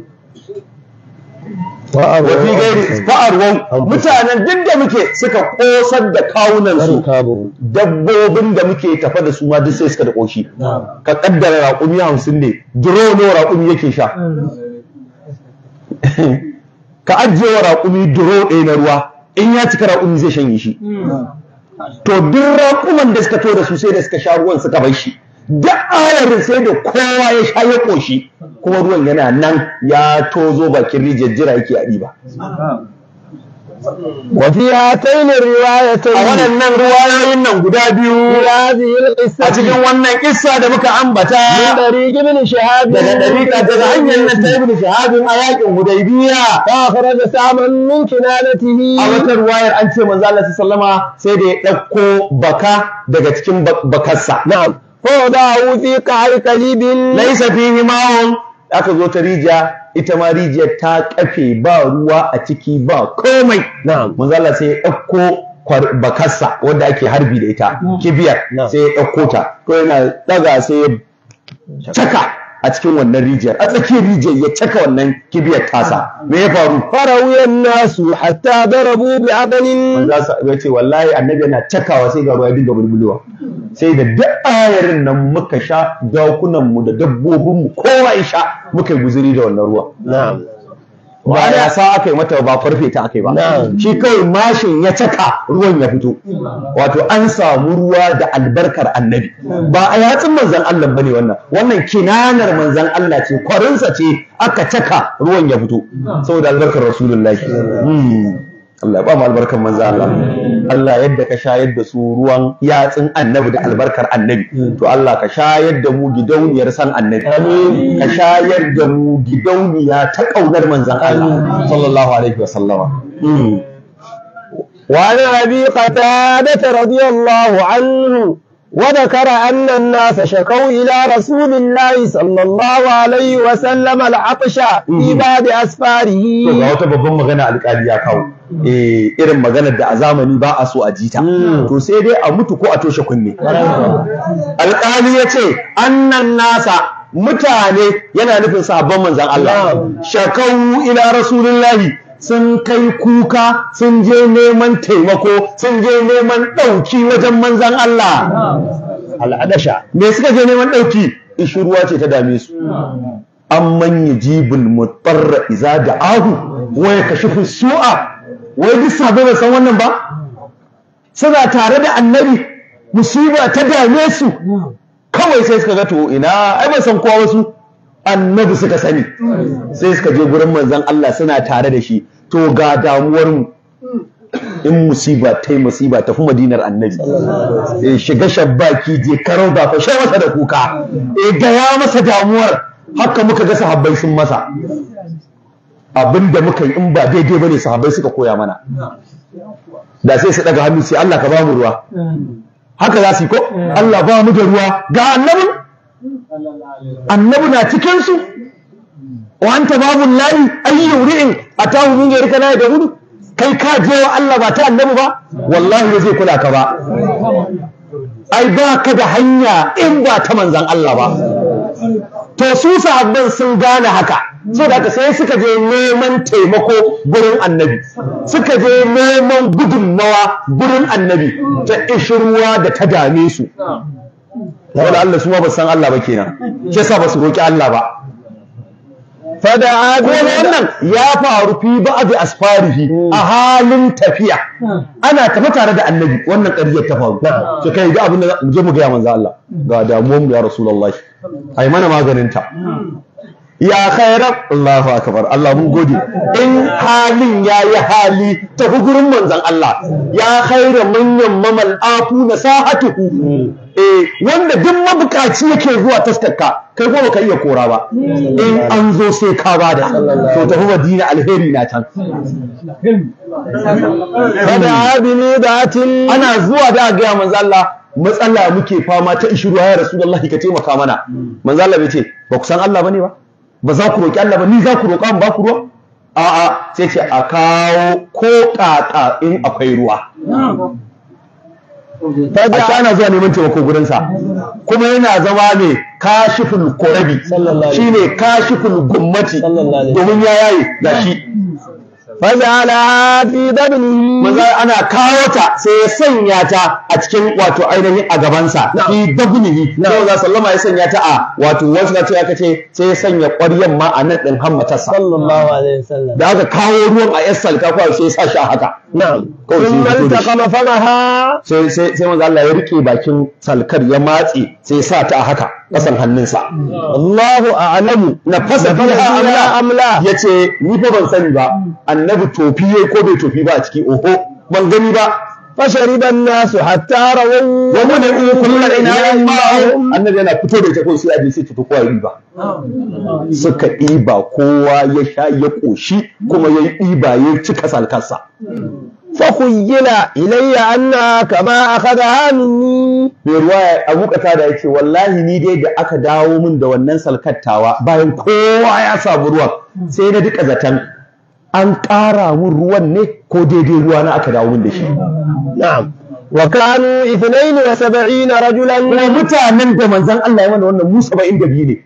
wafi gairi fa'arwan mutanen duk da muke suka kosar da kawunansu dabbobin da muke tafa da su ma duk sai suka da koshi ka kaddara raƙumi hamsin ne wa raƙumi yake sha ka ajiye wa raƙumi drone ɗaya na ruwa in ya cika raƙumi zai shanye shi to duk raƙuman da suka to da su sai da suka sha ruwan suka bai shi duk ayarin sai da kowa ya sha ya koshi kuma ruwan yana nan ya tozo bakin rijajjira yake a ɗiba Wafi ya taini riwaya ta A waɗannan ruwayoyin nan guda biyu a cikin wannan kissa da muka ambata. Dari ibn Shahab daga dariƙa daga hanyar nan ta ibn Shahab a yakin Hudaybiya. Fa kharaja saman min kinanatihi. A wata ruwayar an ce manzo Allah sallama sai da ya ɗauko baka daga cikin bakarsa. Na'am. ko da wufi ka kalibin laisa fihi ma'un aka zo ta rijiya ita ma rijiyar ta kafe ba ruwa a ciki ba komai na'am manzo Allah sai dauko bakarsa wanda ake harbi da ita kibiyar sai ya dauko ta to yana daga sai ya caka a cikin wannan rijiyar a tsakiyar rijiyar ya caka wannan kibiyar tasa me ya faru farawuyan nasu hatta darabu bi adalin manzo sa ya ce wallahi annabi yana cakawa sai ga ruwa ya dinga bulbulowa sai da duk ayarin nan muka sha dakunan mu da dabbobin mu kowa ya sha muka yi guzuri da wannan ruwa na'am ba ya sa aka yi mata ba farfeta ta aka yi ba shi kawai mashin ya caka ruwan ya fito wato an samu ruwa da albarkar annabi ba a yatsun manzan Allah bane wannan wannan kinanar manzan Allah ce kwarinsa ce aka caka ruwan ya fito saboda albarkar rasulullahi hmm. Allah ya ba mu albarkar manzo Allah Allah yadda ka shayar da su ruwan yatsin annabi da albarkar annabi to Allah ka shayar da mu gidauniyar san annabi ka shayar da mu gidauniya ta kaunar manzon Allah sallallahu alaihi wa sallama وعن ابي قتاده رضي الله عنه وذكر أن الناس شكوا إلى رسول الله صلى الله عليه وسلم العطش في بعد أسفاره wata babban magana alƙali ya kawo eh irin maganar da a zamani ba a so a ji ta. to sai dai a mutu ko a toshe kunne alƙali ya ce annan nasa mutane yana nufin sabon manzon Allah shakau ila rasulillahi sun kai kuka sun je neman taimako sun je neman ɗauki wajen manzan Allah al'adasha me suka je neman ɗauki ishirwa ce ta dame su An amman jibin mutarra iza da'ahu wa yakashifu fusu'a wai duk sabai ba san wannan ba suna tare da annabi musiba ta dame su kawai sai suka ga to ina ai ban san kowa wasu annabi suka sani sai suka je gurin manzon Allah suna tare da shi to ga damuwar mu in musiba ta yi musiba tafi madinar annabi eh shiga shabbaki je karau ba fa sha masa da kuka eh ga ya masa damuwar haka muka ga sahabbai sun masa abinda muka yi in ba daidai bane sahabbai suka koya mana da sai su daga hannu sai Allah ka ba mu ruwa hmm. haka za su yi ko hmm. Allah ba mu da ruwa ga annabi annabu na Wanta babu wa anta babu lahi ayyu ri'in atahu min ghayrika la hudu kai ka je wa Allah ba ta annabi ba wallahi ba zai kula ka ba ai ba ka da hanya in ba ta manzan Allah ba to su sahabban sun gane haka so da sai suka je neman taimako gurin annabi suka je neman gudunmawa gurin annabi ta ishirwa da ta dame su wala Allah su ma ba san Allah ba kenan shi yasa ba su roki Allah ba fada'a wannan ya faru fi ba'di asfarihi a halin tafiya ana tafi tare da annabi wannan ƙaryar ta faru to kai ga abin da je mu ga manzo Allah ga damuwan mu ya rasulullahi ai mana maganin ta ya khairar Allahu akbar Allah mun gode in halin yayi hali tafi gurin manzon Allah ya khairar manyan mamal afu na eh wanda duk mabukaci yake zuwa taskarka kai kuma baka iya kora ba in an zo sai ka bada to tafi madina alheri na can kada da nidatin ana zuwa da ga manzo Allah matsala muke fama ta ishiru ya rasulullahi ka taimaka mana manzo Allah bai ba ku san Allah bane ba ba za ku roki Allah ba ni za ku roka ba ku ruwa a'a sai ce a kawo ko ƙaƙa in akwai ruwa ta ji ana zuwa neman taimako gurinsa kuma yana zama ne kashifin korabi shine kashifin gummati domin ya yaye da shi faja'ala fi dabnihi manzo ana kawo ta sai ya sanya ta a cikin wato ainihin a gabansa fi dabnihi sai za sallama ya sanya ta a wato wasu ce aka ce sai ya sanya ƙwaryan ma a nan din hammatarsa sallallahu alaihi wasallam da aka kawo ruwan a yassal ka kwa sai sa shi a haka na'am kawai sai kama faraha sai sai sai manzo Allah ya rike bakin salkar ya matse sai sa ta a haka kasan hannunsa Allahu a'lamu na fasa fiha amla amla yace ni fa ban sani ba annabi tofi yayi ko bai tofi ba a ciki oho ban gani ba nasu فشرب الناس حتى رووا ومنعوا كل ina معهم annabi yana fito da ita sai a je sai ta ba. suka iba kowa ya sha ya ƙoshi kuma ya yi ɗiba ya cika salkarsa فخيل إلي أنها كما أخذها مني mai ruwa abu kata da yake wallahi ni dai da aka dawo min da wannan salkattawa bayan kowa ya samu ruwan sai na duka zaton an ƙara min ruwan ne ko daidai ruwa na aka dawo min da shi na'am wa kanu 72 rajulan mutanen da manzon Allah ya mana wannan mu 72 ne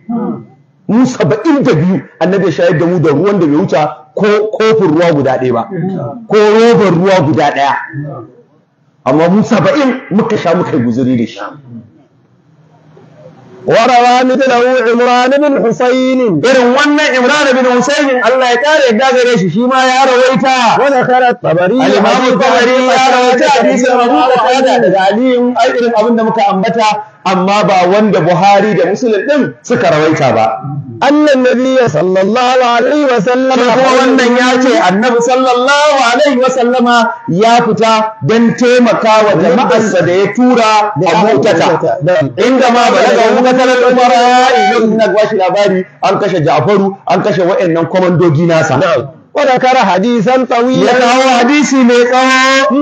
mu saba'in da biyu annabi ya shayar da mu da ruwan da bai wuce ko kofin ruwa guda ɗaya ba ko robar ruwa guda ɗaya amma mu saba'in muka sha muka yi guzuri da shi وروى مثله عمران بن حسين إن ون عمران بن حسين الله يكار يداغر يشي شما يا رويتا ودخل الطبري الإمام الطبري يا رويتا حديث رمضان هذا عليهم أي إذن أبن دمك amma ba wanda Buhari da Muslim din suka rawaita ba annan nabiyyi sallallahu alaihi wa sallama ko wannan ya ce annabi sallallahu alaihi wa sallama ya fita don taimaka wa jama'arsa da ya tura a mutata inda ma ba balaga mutatar umara idan na gwashi labari an kashe Ja'faru an kashe wa'annan komandoji nasa wadakar hadisan tsawi ya kawo hadisi mai tsawo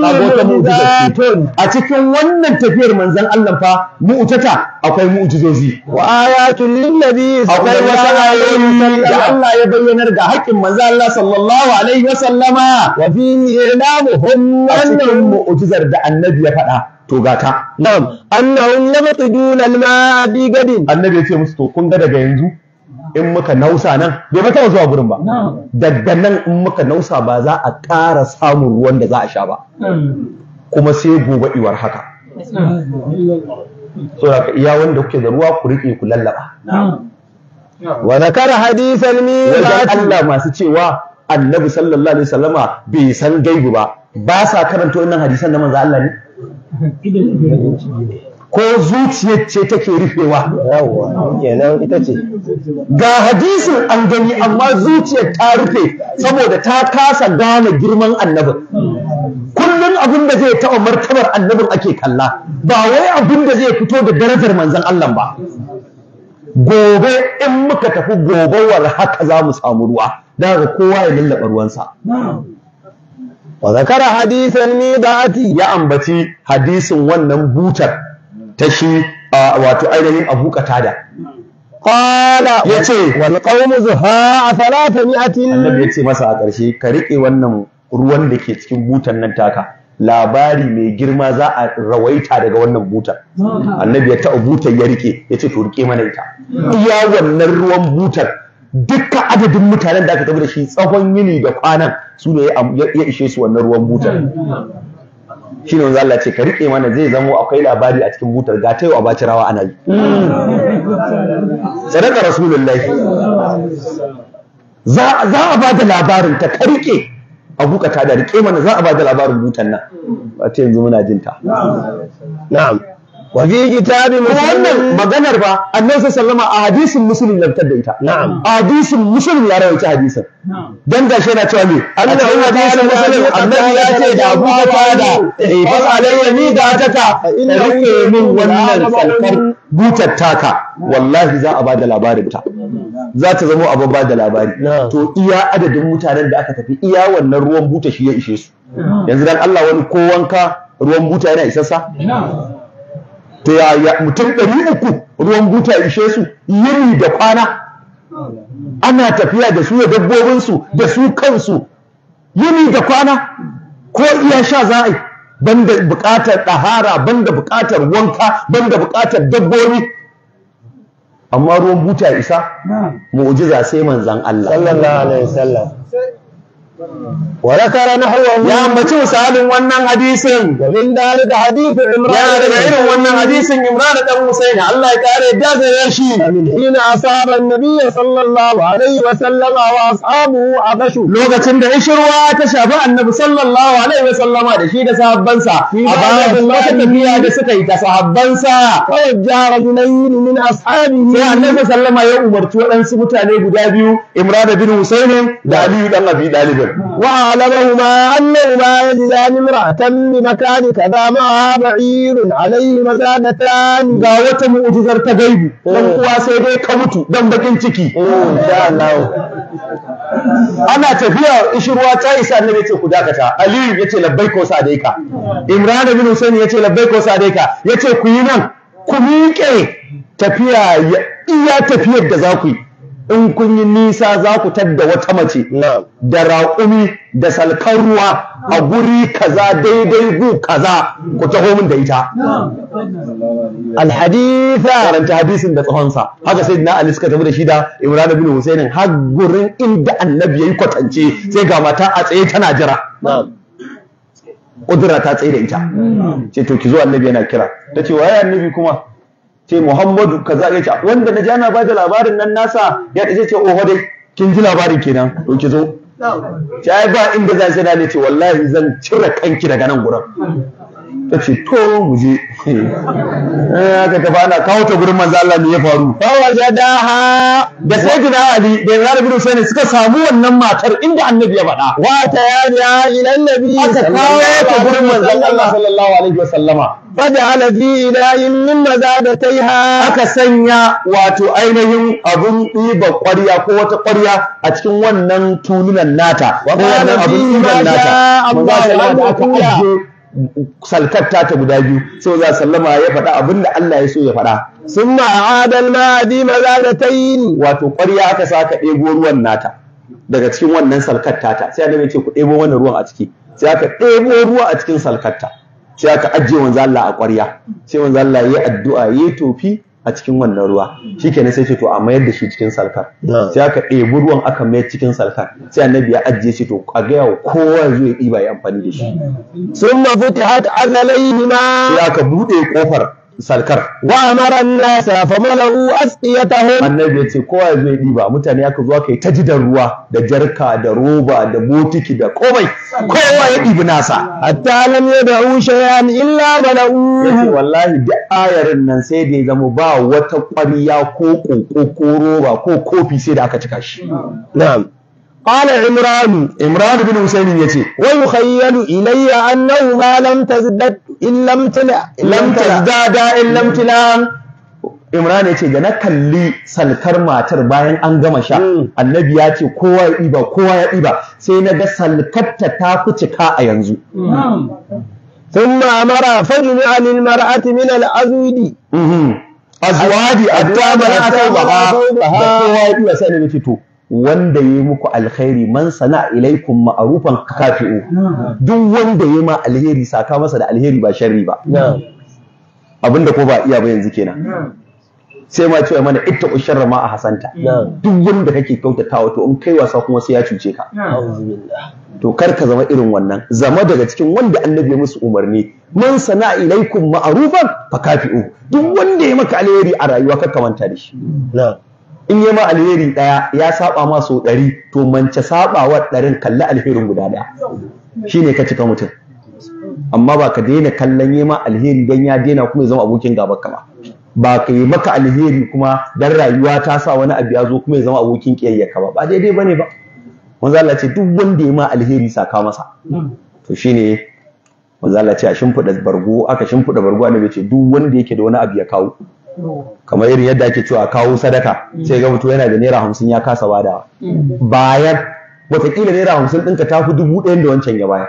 hmm. a cikin wannan tafiyar manzon Allah fa akwai mu'jizozi wa ayatul lillazi akwai wasu ayoyi da Allah ya bayyanar ga haƙƙin manza Allah sallallahu alaihi wa sallama wa fihi ilamuhum wannan mu'jizar da annabi ya faɗa to ga gadin annabi ya ce musu to kun ga daga yanzu in muka nausa nan bai mata zuwa gurin ba daga nan in muka nausa ba za a ƙara samun ruwan da za a sha ba hmm. kuma sai gobe iwar haka hmm. so da iya wanda kuke da ruwa ku riƙe ku lallaba wa zakara hadithal miqat Allah masu cewa annabi sallallahu alaihi wasallama bai san gaibu ba ba sa karanta wannan hadisan na manzo Allah ne ko zuciyar ce take rufewa kenan ita ga hadisin an gani amma zuciyar ta rufe saboda ta kasa gane girman annabin kullum abin da zai taɓa martabar annabin ake kalla ba wai abin da zai fito da darajar manzon Allah ba gobe in muka tafi gobe war haka za mu samu ruwa daga kowa ya lallaba ruwansa wa zakara hadisan ni da ya ambaci hadisin wannan butar ta shi wato ainihin abu katada ya ce, wani ƙaunin zuha A a thalathami'atin annabi ce masa a ƙarshe ka riƙe wannan ruwan da ke cikin butan nan taka labari mai girma za a rawaita daga wannan butar annabi ya taɓa butar ya riƙe, ya ce to rike mana ita iya wannan ruwan butar dukkan adadin mutanen da aka tafi da shi tsawon yini da kwanan su ne ya ishe su wannan ruwan butar shi ne Allah ce ka rike mana zai zamo akwai labari a cikin butar ga yi a bacirawa rawa ana yi sadaka rasulullahi za a ba da labarin ta ka riƙe a bukata da rike mana za a ba da labarin butar nan ba ta yanzu muna jinta na'am wa fi kitabi wannan maganar ba annabi a hadisin muslim ya fitar ita na'am hadisin muslim ya rawaita hadisin dan gashi yana cewa ne annabi hadisin muslim annabi ya ce da Abu Qatada fa alayya ni da taka in rike min wannan salkar butar taka wallahi za a bada labarin ta za ta zama abin ba da labari to iya adadin mutanen da aka tafi iya wannan ruwan buta shi ya ishe su yanzu dan Allah wani ko wanka ruwan buta yana isassa ta yaya mutum ɗari uku ruwan buta ishe su yini da kwana ana tafiya da su da dabbobinsu da su kansu yini da kwana ko iya sha za a yi banda buƙatar ɗahara banda buƙatar wanka banda buƙatar dabbobi amma ruwan buta isa mu'jiza sai manzan Allah sallallahu alaihi wasallam wa zakara nahwahu ya ambaci misalin wannan hadisin wa min da hadithu imran ya daga irin wannan hadisin imran dan husaini Allah ya kare da gare shi amin hina asaba annabi sallallahu alaihi wa sallama wa ashabu abashu lokacin da ishirwa ta shafi annabi sallallahu alaihi wa sallama da shi da sahabbansa a bayan wata tafiya da suka yi ta sahabbansa kawai jara junayn min ashabihi sai annabi sallama ya umarci waɗansu mutane guda biyu imran bin husaini da aliyu dan abi dalib وعلمهما أنهما يجدان امرأة بمكان كذا معها بعير عليه مزادتان ga wata mu'jizar ta gaibu dan uwa sai dai ka mutu dan bakin ciki ana tafiya ishirwa ta isa annabi yace ku dakata aliyu yace labbaik wa sadaika imran ibn husayn yace labbaik wa sadaika yace ku yi nan ku miƙe tafiya iya tafiyar da za ku yi in kun yi nisa za ku tadda wata mace da raƙumi da salkan ruwa a guri kaza daidai gu kaza ku taho min da ita alhaditha karanta hadisin da tsohonsa haka sai na ali suka tafi da shi da imran ibn husayn har gurin inda annabi yayi kwatance sai ga mata a tsaye tana jira kudura ta tsaye da ita ce to ki zo annabi yana kira tace waye annabi kuma ce Muhammadu kaza ya ce wanda na jana ba da labarin nan nasa ya ce ce oho dai kin ji labarin kenan to ki zo sai ba inda zan sai ne ce wallahi zan cire kanki daga nan gurin ta ce to mu je eh aka tafi ana kawo ta gurin manzo Allah ne ya faru fa wajadaha da sayyidina ali da zara bin husaini suka samu wannan matar inda annabi ya faɗa wa ta ya ila annabi aka kawo ta gurin manzo Allah sallallahu alaihi wasallama fada ala ila ilahin min mazadataiha aka sanya wato ainihin abun diba ƙwarya ko wata ƙwarya a cikin wannan tulunan nata wannan abun diba nata manzo Allah da aka salkar ta guda biyu so za sallama ya faɗa abin da Allah ya so ya faɗa sun ma'adal ma'adi mazalatayn wato ƙwarya aka saka ɗebo ruwan nata daga cikin wannan salkar ta sai annabi ce ku ɗebo wannan ruwan a ciki sai aka ɗebo ruwa a cikin salkar ta sai aka ajiye manzo Allah a ƙwarya sai manzo Allah ya addu'a ya tofi a cikin wannan ruwa shi kenan sai ce to a mayar da shi cikin salkar sai aka ɗebi ruwan aka mayar cikin salkar sai annabi ya ajiye shi to a gaya wa kowa zai ɗiba ya amfani da shi Sun summa futihat ma sai aka buɗe ƙofar. salkar wa amara nasa fa malahu asqiyatahum annabi yace kowa zai diba mutane aka zo kai ta jidan ruwa da jarka da roba da botiki da komai kowa ya dibi nasa hatta lam yad'u shay'an illa malahu yace wallahi duk ayarin nan sai da ya zama ba wata ƙwariya ko ƙoƙo, ko roba ko kofi sai da aka cika shi na'am qala Imranu. imran bin husayn yace wa yukhayyalu ilayya annahu ma lam tazdad in lam tila lam in lam tila imran yace da na kalli salkar matar bayan an gama sha annabi ya ce kowa ya ɗiba kowa ya ɗiba sai na ga salkarta ta fi cika a yanzu ثم أمر فجمع للمرأة من الأزود أزواج أتى ملأ ثوبها kowa ya ɗiba sai fito wanda ya yi muku alkhairi man sana ilaikum ma'arufan kafi'u duk wanda ya ma alheri saka masa da alheri ba sharri ba abinda ko ba iya ba yanzu kenan sai ma cewa mana ita ushar ma a hasanta duk wanda kake kyautatawa to in kai wasa kuma sai ya cuce ka to kar ka zama irin wannan zama daga cikin wanda annabi ya musu umarni man sana ilaikum ma'arufan kafi'u. duk wanda ya maka alheri a rayuwa kar ka manta da shi in yi ma alheri ɗaya ya saba ma sau ɗari to mance saɓawar ɗarin kalli alherin guda ɗaya shi ne ka cika mutum amma ba ka daina kallon yi ma alheri don ya daina kuma ya zama abokin gabanka ka ba ba ka yi maka alheri kuma dan rayuwa ta sa wani abu ya zo kuma ya zama abokin ƙiyayyar ba ba daidai ba ne ba manzo Allah ce duk wanda ya ma alheri saka masa to shine manzo Allah ce a shimfiɗa bargo aka shimfiɗa bargo annabi ce duk wanda yake da wani abu ya kawo kamar irin yadda ake cewa kawo sadaka sai ga mutum yana da naira hamsin ya kasa badawa bayar wataƙila naira hamsin ɗinka ta fi dubu ɗayan da wancan ya bayar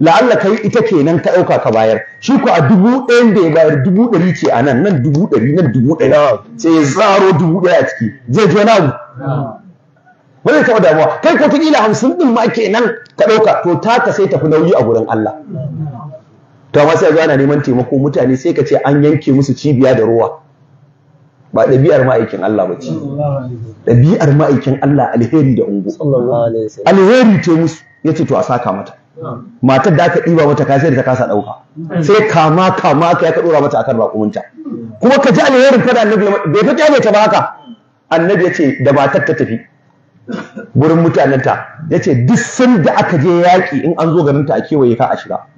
la'alla kai ita kenan ka ɗauka ka bayar shi ko a dubu ɗayan da ya bayar dubu ɗari ce a nan nan dubu ɗari nan dubu ɗari sai ya zaro dubu ɗaya a ciki zai ji wani abu ba zai taɓa damuwa kai ko wataƙila hamsin ɗin ma kenan ka ɗauka to taka sai tafi nauyi a gurin Allah to amma sai zo ana neman taimako mutane sai ka ce an yanke musu cibiya da ruwa ba ɗabi'ar ma'aikin Allah ba ce ɗabi'ar ma'aikin Allah alheri da ungo alheri ce musu ya ce to a saka mata matar da aka ɗiba mata kasiyar ta kasa ɗauka sai kama kama ka ya ka ɗora mata akan raƙumunta kuma ka ji alherin fada annabi bai fi kyale ta ba haka annabi ya ce da matar ta tafi gurin mutanenta ya ce duk sanda aka je yaƙi in an zo garinta a kewaye ka a shiga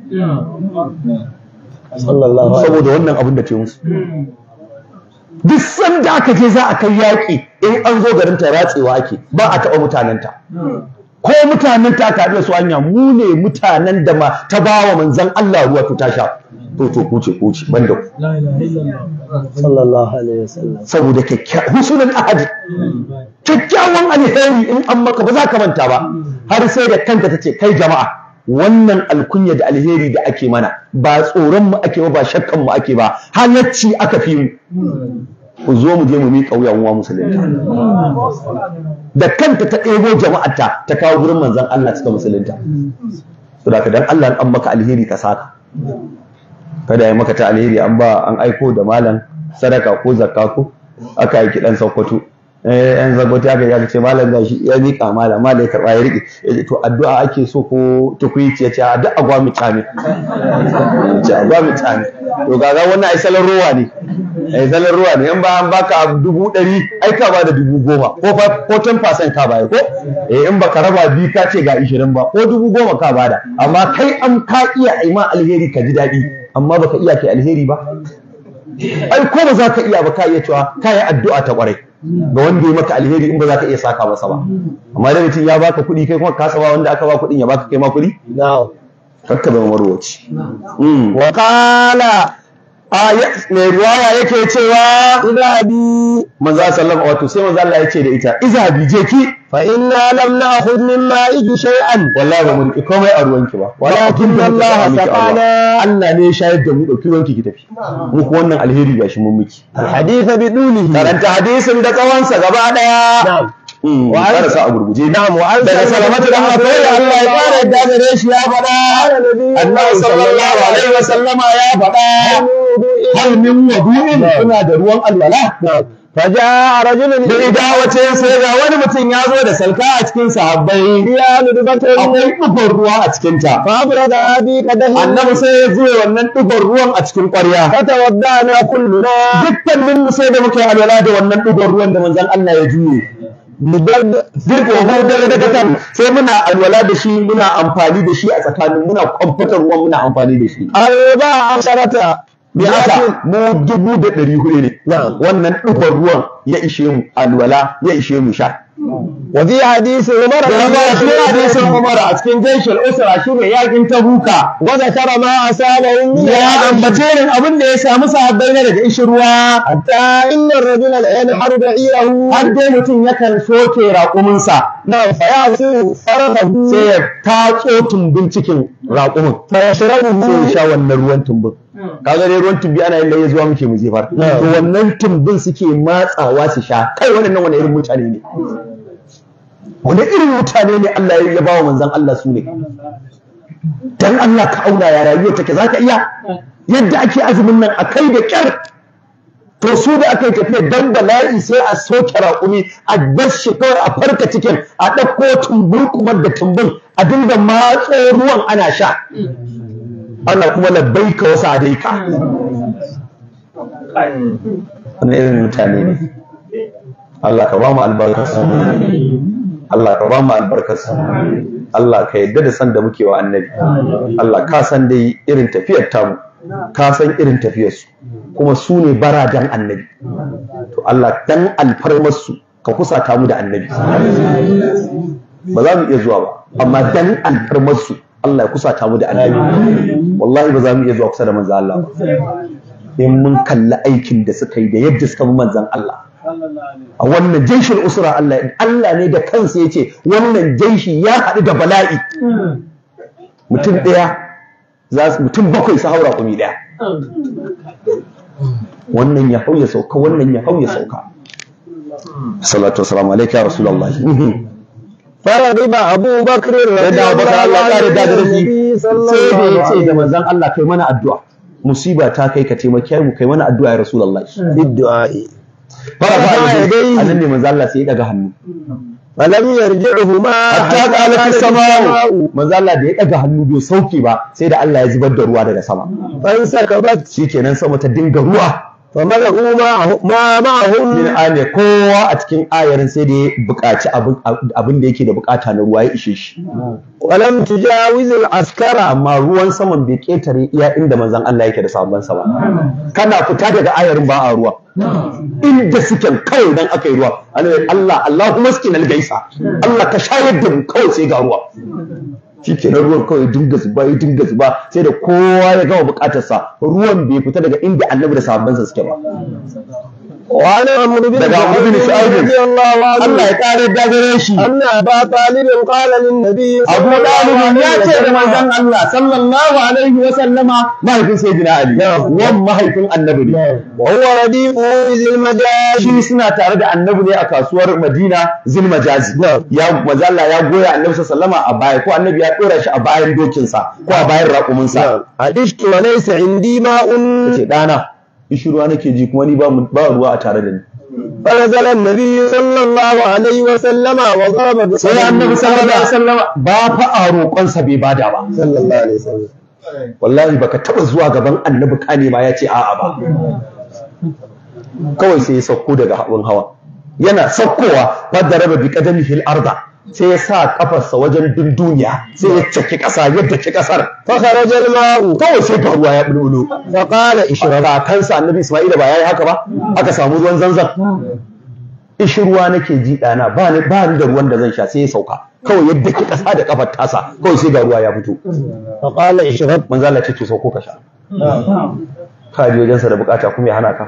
saboda wannan abin da ce musu duk sanda aka je za a kai yaƙi in an zo garin ta ratsewa ake ba a taɓa mutanenta ko mutanen ta tare da su hanya mu ne mutanen da ma ta ba wa manzon Allah ruwa to ta tasha to to kuce kuce banda ku sallallahu alaihi wasallam saboda kyakkyawan husulul kyakkyawan alheri in an maka ba za ka manta ba har sai da kanta tace kai jama'a wannan alkunya da alheri da ake mana ba tsoron mu ake ba shakkan mu ake ba halacci aka fi mu ku zo mu je mu miƙa wuya uwa musulunta da kanta ta ɗebo jama'ata ta kawo gurin manzon Allah cika musulunta saboda dan Allah an maka alheri ka saka kada ya maka ta alheri an ba an aiko da malam sadaka ko zakka ko aka aiki ɗan sakkwato eh yan zago ta ga ce malam gashi ya mika malam malam ya karba ya rike to addu'a ake so ko tukuici ya ce a duk agwa mu tsame ce agwa mu tsame to gaga wannan ai salon ruwa ne ai eh, salon ruwa ne in ba an baka dubu ɗari ai ka bada dubu goma ko ko fasan ka baya ko eh in baka raba bi ka ce ga 20 ba ko dubu goma ka bada amma kai an ka iya ai ma alheri ka ji daɗi amma baka iya kai alheri ba ai ko ba za ka iya ba ka iya cewa ka yi addu'a ta ƙwarai. ga wanda ya maka alheri in ba za ka iya saka masa ba amma da mutum ya baka kuɗi kai kuma kasa ba wanda aka ba kuɗin ya baka kai ma kuɗi kakka zama marwaci mm. wa qala mai ruwaya yake cewa bi. manzo sallama wato sai manzo Allah yace da ita izhabi je ki fa inna lam na'khudh mimma iji shay'an wallahi ba mun ki komai a ruwanki ba walakin Allah sakana Allah ne shayar da mu dauki ruwanki ki tafi muku wannan alheri gashi mun miki alhadith bi dulihi karanta hadisin da kawansa gaba daya mm, karasa a gurguje na'am wa an daga salamatu da hafai da Allah ya kare da gare shi ya faɗa annabi sallallahu alaihi wasallama ya faɗa hal min wudu'in suna da ruwan alwala faja rajulun da idan wace sai ga wani mutum ya zo da salka a cikin sahabbai ya ludubatin akwai dubban ruwa a cikin ta fa abra da ka kadahi annabi sai ya zo wannan dubban ruwan a cikin ƙwarya fata wadda na kulluna dukkan mun sai da muke alwala da wannan dubban ruwan da manzon Allah ya juye dirka wani daga kan sai muna alwala da shi muna amfani da shi a tsakanin muna kwamfutar ruwan muna amfani da shi. Ayo ba a sarata me aka mu dubu da ɗari hudu ne wannan ɗubar ruwan ya ishe mu alwala ya ishe mu sha wa fi hadisi umar da ya fi hadisin umar a cikin jaishul usra shi ne yakin tabuka wa zakara ma asaba min ya ambace ne abin da ya samu sahabbai na daga ishirwa hatta inna ar-rajula la yanharu da'irahu har dai mutum yakan soke raƙuminsa na fa ya su farahu sai ya tatso tumbin cikin raƙumin ya sha wannan ruwan tumbin hmm. kaga ne ruwan tumbi ana yin da ya zuwa muke mu jefar hmm. to wannan tumbin suke matsawa su sha kai wannan wani irin mutane ne wani irin mutane ne Allah ya ba wa manzon Allah su ne dan Allah ka auna ya rayuwa take zaka iya hmm. yadda ake azumin nan a kai da kyar to su da aka yi tafiya da bala'i sai a soke raƙumi a dashi kawai a farka cikin a ɗauko tumbul kuma da tumbul a dinga matso ruwan ana sha ana kuma ka wasu adaika wani irin mutane ne Allah ka ba mu albarkarsa Allah ka ba mu albarkarsa Allah ka yadda da san da muke wa annabi Allah ka san dai irin tafiyar tamu ka san irin tafiyarsu kuma su ne barajan annabi to Allah dan alfarmarsu ka kusa mu da annabi ba za mu iya zuwa ba amma dan alfarmarsu Allah ya kusa mu da annabi wallahi ba za mu iya zuwa kusa da manzan Allah ba in mun kalli aikin da suka yi da yadda suka bi manzan Allah a wannan jaishin usra Allah Allah ne da kansa ya ce wannan jaishi ya haɗu da bala'i mutum ɗaya za su mutum bakwai su haura kumi ɗaya wannan ya hau ya sauka wannan ya hau ya sauka salatu wasalamu alaika ya rasulullah faradiba abubakar da ba Allah ya rida da rashi sai da ya ce da manzon Allah kai mana addu'a musiba ta kai ka taimake mu kai mana addu'a ya rasulullah biddu'a faradiba dai annabi manzon Allah sai ya daga hannu falam yarji'uhuma hatta qalat as-sama'u manzo Allah da ya ɗaga hannu bai sauke ba sai da Allah ya zubar da ruwa daga sama ban saka ba shikenan sama ta dinga ruwa fa malahu ma ma'ahum min kowa a cikin ayarin sai da ya buƙaci abin da yake da buƙata na ruwa ya ishe shi walam tujawiz al askara amma ruwan saman bai ketare iya inda manzon Allah yake da sabon sa ba kana fita daga ayarin ba ruwa inda suke kawai dan aka yi ruwa Allah Allahumma skinal gaisa Allah ka shayar da mu kawai sai ga ruwa shi nan ruwan kawai dinga zuba ya dinga zuba sai da kowa ya gama bukatarsa ruwan bai fita daga inda annabi da sa suke ba wani amurbin Allah ya kare dagare shi Allah ba talibin kalalin nabi abu talibin ya ce da manzon Allah sallallahu alaihi wa sallama mahaifin sayyidina ali wan mahaifin annabi ne huwa radifu zil majazi suna tare da annabi ne a kasuwar madina zil majazi ya manzon ya goya annabi sallama a baya ko annabi ya dora shi a bayan dokinsa ko a bayan raƙumin sa hadith to laysa indi ma'un dana ishirwa nake ji kuma ni ba ruwa a tare da ni فنزل النبي صلى الله عليه وسلم وضرب sai النبي صلى الله عليه sallama. Ba fa a roƙon sa bai bada ba sallallahu alaihi sallama wallahi baka taba zuwa gaban annabi kane ma yace a'a ba kawai sai ya sauko daga hawan hawa yana saukowa raba bi qadami fil arda sai ya sa kafarsa wajen dunduniya sai ya caki ƙasa yadda ke ƙasar fa kharaja ma'u to sai ka ruwa ya bulbulo fa qala ishrara kansa annabi isma'ila ba yayi haka ba aka samu ruwan zanzan ishirwa nake ji dana ba ni ba ni da ruwan da zan sha sai ya sauka kawai yadda ki ƙasa da kafar tasa kawai sai ga ruwa ya fito fa qala ishrat manzo Allah ce to sauko ka sha ka ji wajensa da bukata kuma ya hana ka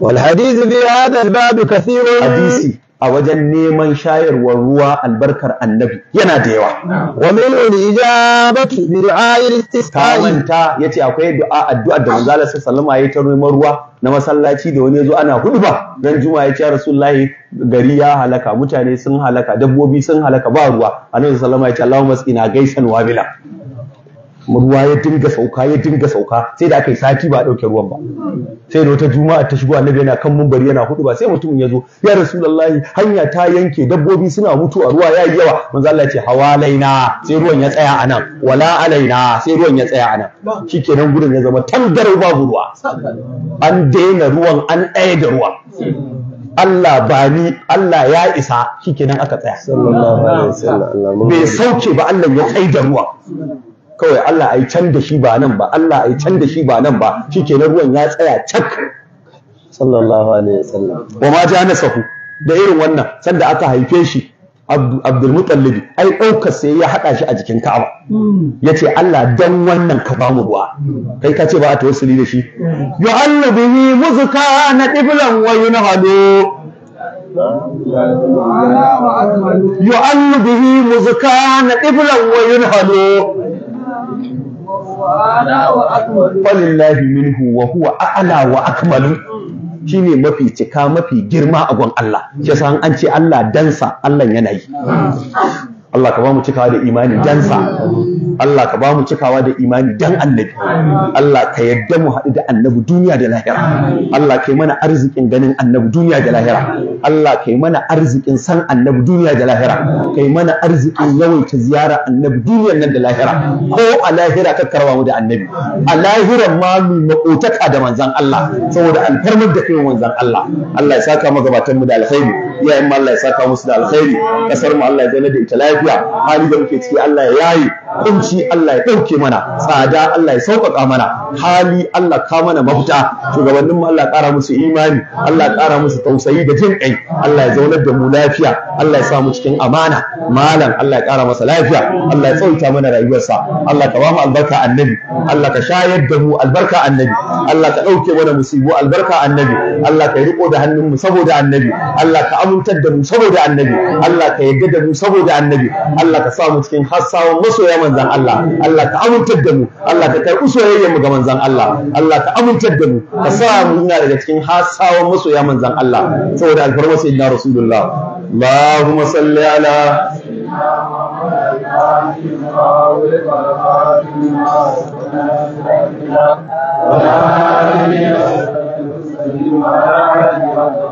wal hadith fi hadha al bab hadisi a wajen neman shayarwar ruwa albarkar annabi yana da yawa wa min ijabatu bi du'a'il istisqa'i ta yace akwai du'a addu'a da manzo Allah sallallahu alaihi ta neman ruwa na masallaci da wani yazo ana hudba dan juma'a yace rasulullahi gari ya halaka mutane sun halaka dabbobi sun halaka ba ruwa annabi sallallahu alaihi wasallam yace Allahumma sqina gaisan wabila ruwa ya dinga sauka ya dinga sauka sai da aka yi sati ba a ɗauke ruwan ba sai da wata juma'a ta shigo annabi yana kan mumbari yana hudu ba sai mutumin ya zo ya rasulullahi hanya ta yanke dabbobi suna mutu a ruwa yayi yawa manzo Allah ce hawalaina sai ruwan ya tsaya anan wala alaina sai ruwan ya tsaya anan shikenan gudun ya zama tangarau babu ruwa an daina ruwan an ɗaya da ruwa Allah ba ni Allah ya isa shikenan aka tsaya bai sauke ba Allah ya tsaya da ruwa kawai Allah ai can da shi ba nan ba Allah ai can da shi ba nan ba shikenan ruwan ya tsaya cak sallallahu alaihi wasallam wa ma ja sahu da irin wannan sanda aka haife shi Abdul Muttalib ai ɗaukar sai ya haɗa shi a jikin Ka'aba hmm. ya ce Allah dan wannan ka ba mu ruwa kai ka ce ba a wasu da shi Allah bihi muzka na ɗiblan wa Yo Allah bihi muzka na qiblan wa yunhalu walillahi minhu wa huwa a'la wa akmalu shine mafi cika mafi girma a gon Allah shi san an ce Allah dansa Allah yana yi Allah ka ba mu cikawa da imani dan sa Allah ka ba mu cikawa da imani dan annabi Allah ka yadda mu haɗu da annabi duniya da lahira Allah ka yi mana arzikin ganin annabi duniya da lahira Allah ka yi mana arzikin san annabi duniya da lahira ka yi mana arzikin yawaita ziyara annabi duniya nan da lahira ko a lahira ka karwa mu da annabi a lahiran ma mu makotaka da manzon Allah saboda alfarmar da kai manzon Allah Allah ya saka magabatan mu da alkhairi iyayen mu Allah ya saka musu da alkhairi kasar mu Allah ya zauna da ita lafiya lafiya hali da muke ciki Allah ya yayi kunci Allah ya ɗauke mana tsada Allah ya sauƙaƙa mana hali Allah ka mana mafita shugabannin mu Allah ƙara musu imani Allah ƙara musu tausayi da jin kai Allah ya zaunar da mu lafiya Allah ya sa mu cikin amana malam Allah ya ƙara masa lafiya Allah ya tsawaita mana rayuwarsa Allah ka ba mu albarka annabi Allah ka shayar da mu albarka annabi Allah ka dauke mana musibu albarka annabi Allah ka riko da hannun mu saboda annabi Allah ka amintar da mu saboda annabi Allah ka yarda da mu saboda annabi Allah ka sa mu cikin hassawan masoya manzan Allah Allah ka amintar da mu Allah ka karɓi soyayyar mu ga manzan Allah Allah ka amintar da mu ka sa mu ina daga cikin hassawan masoya manzan Allah saboda alfarma sayyidina rasulullah Allahumma salli ala salli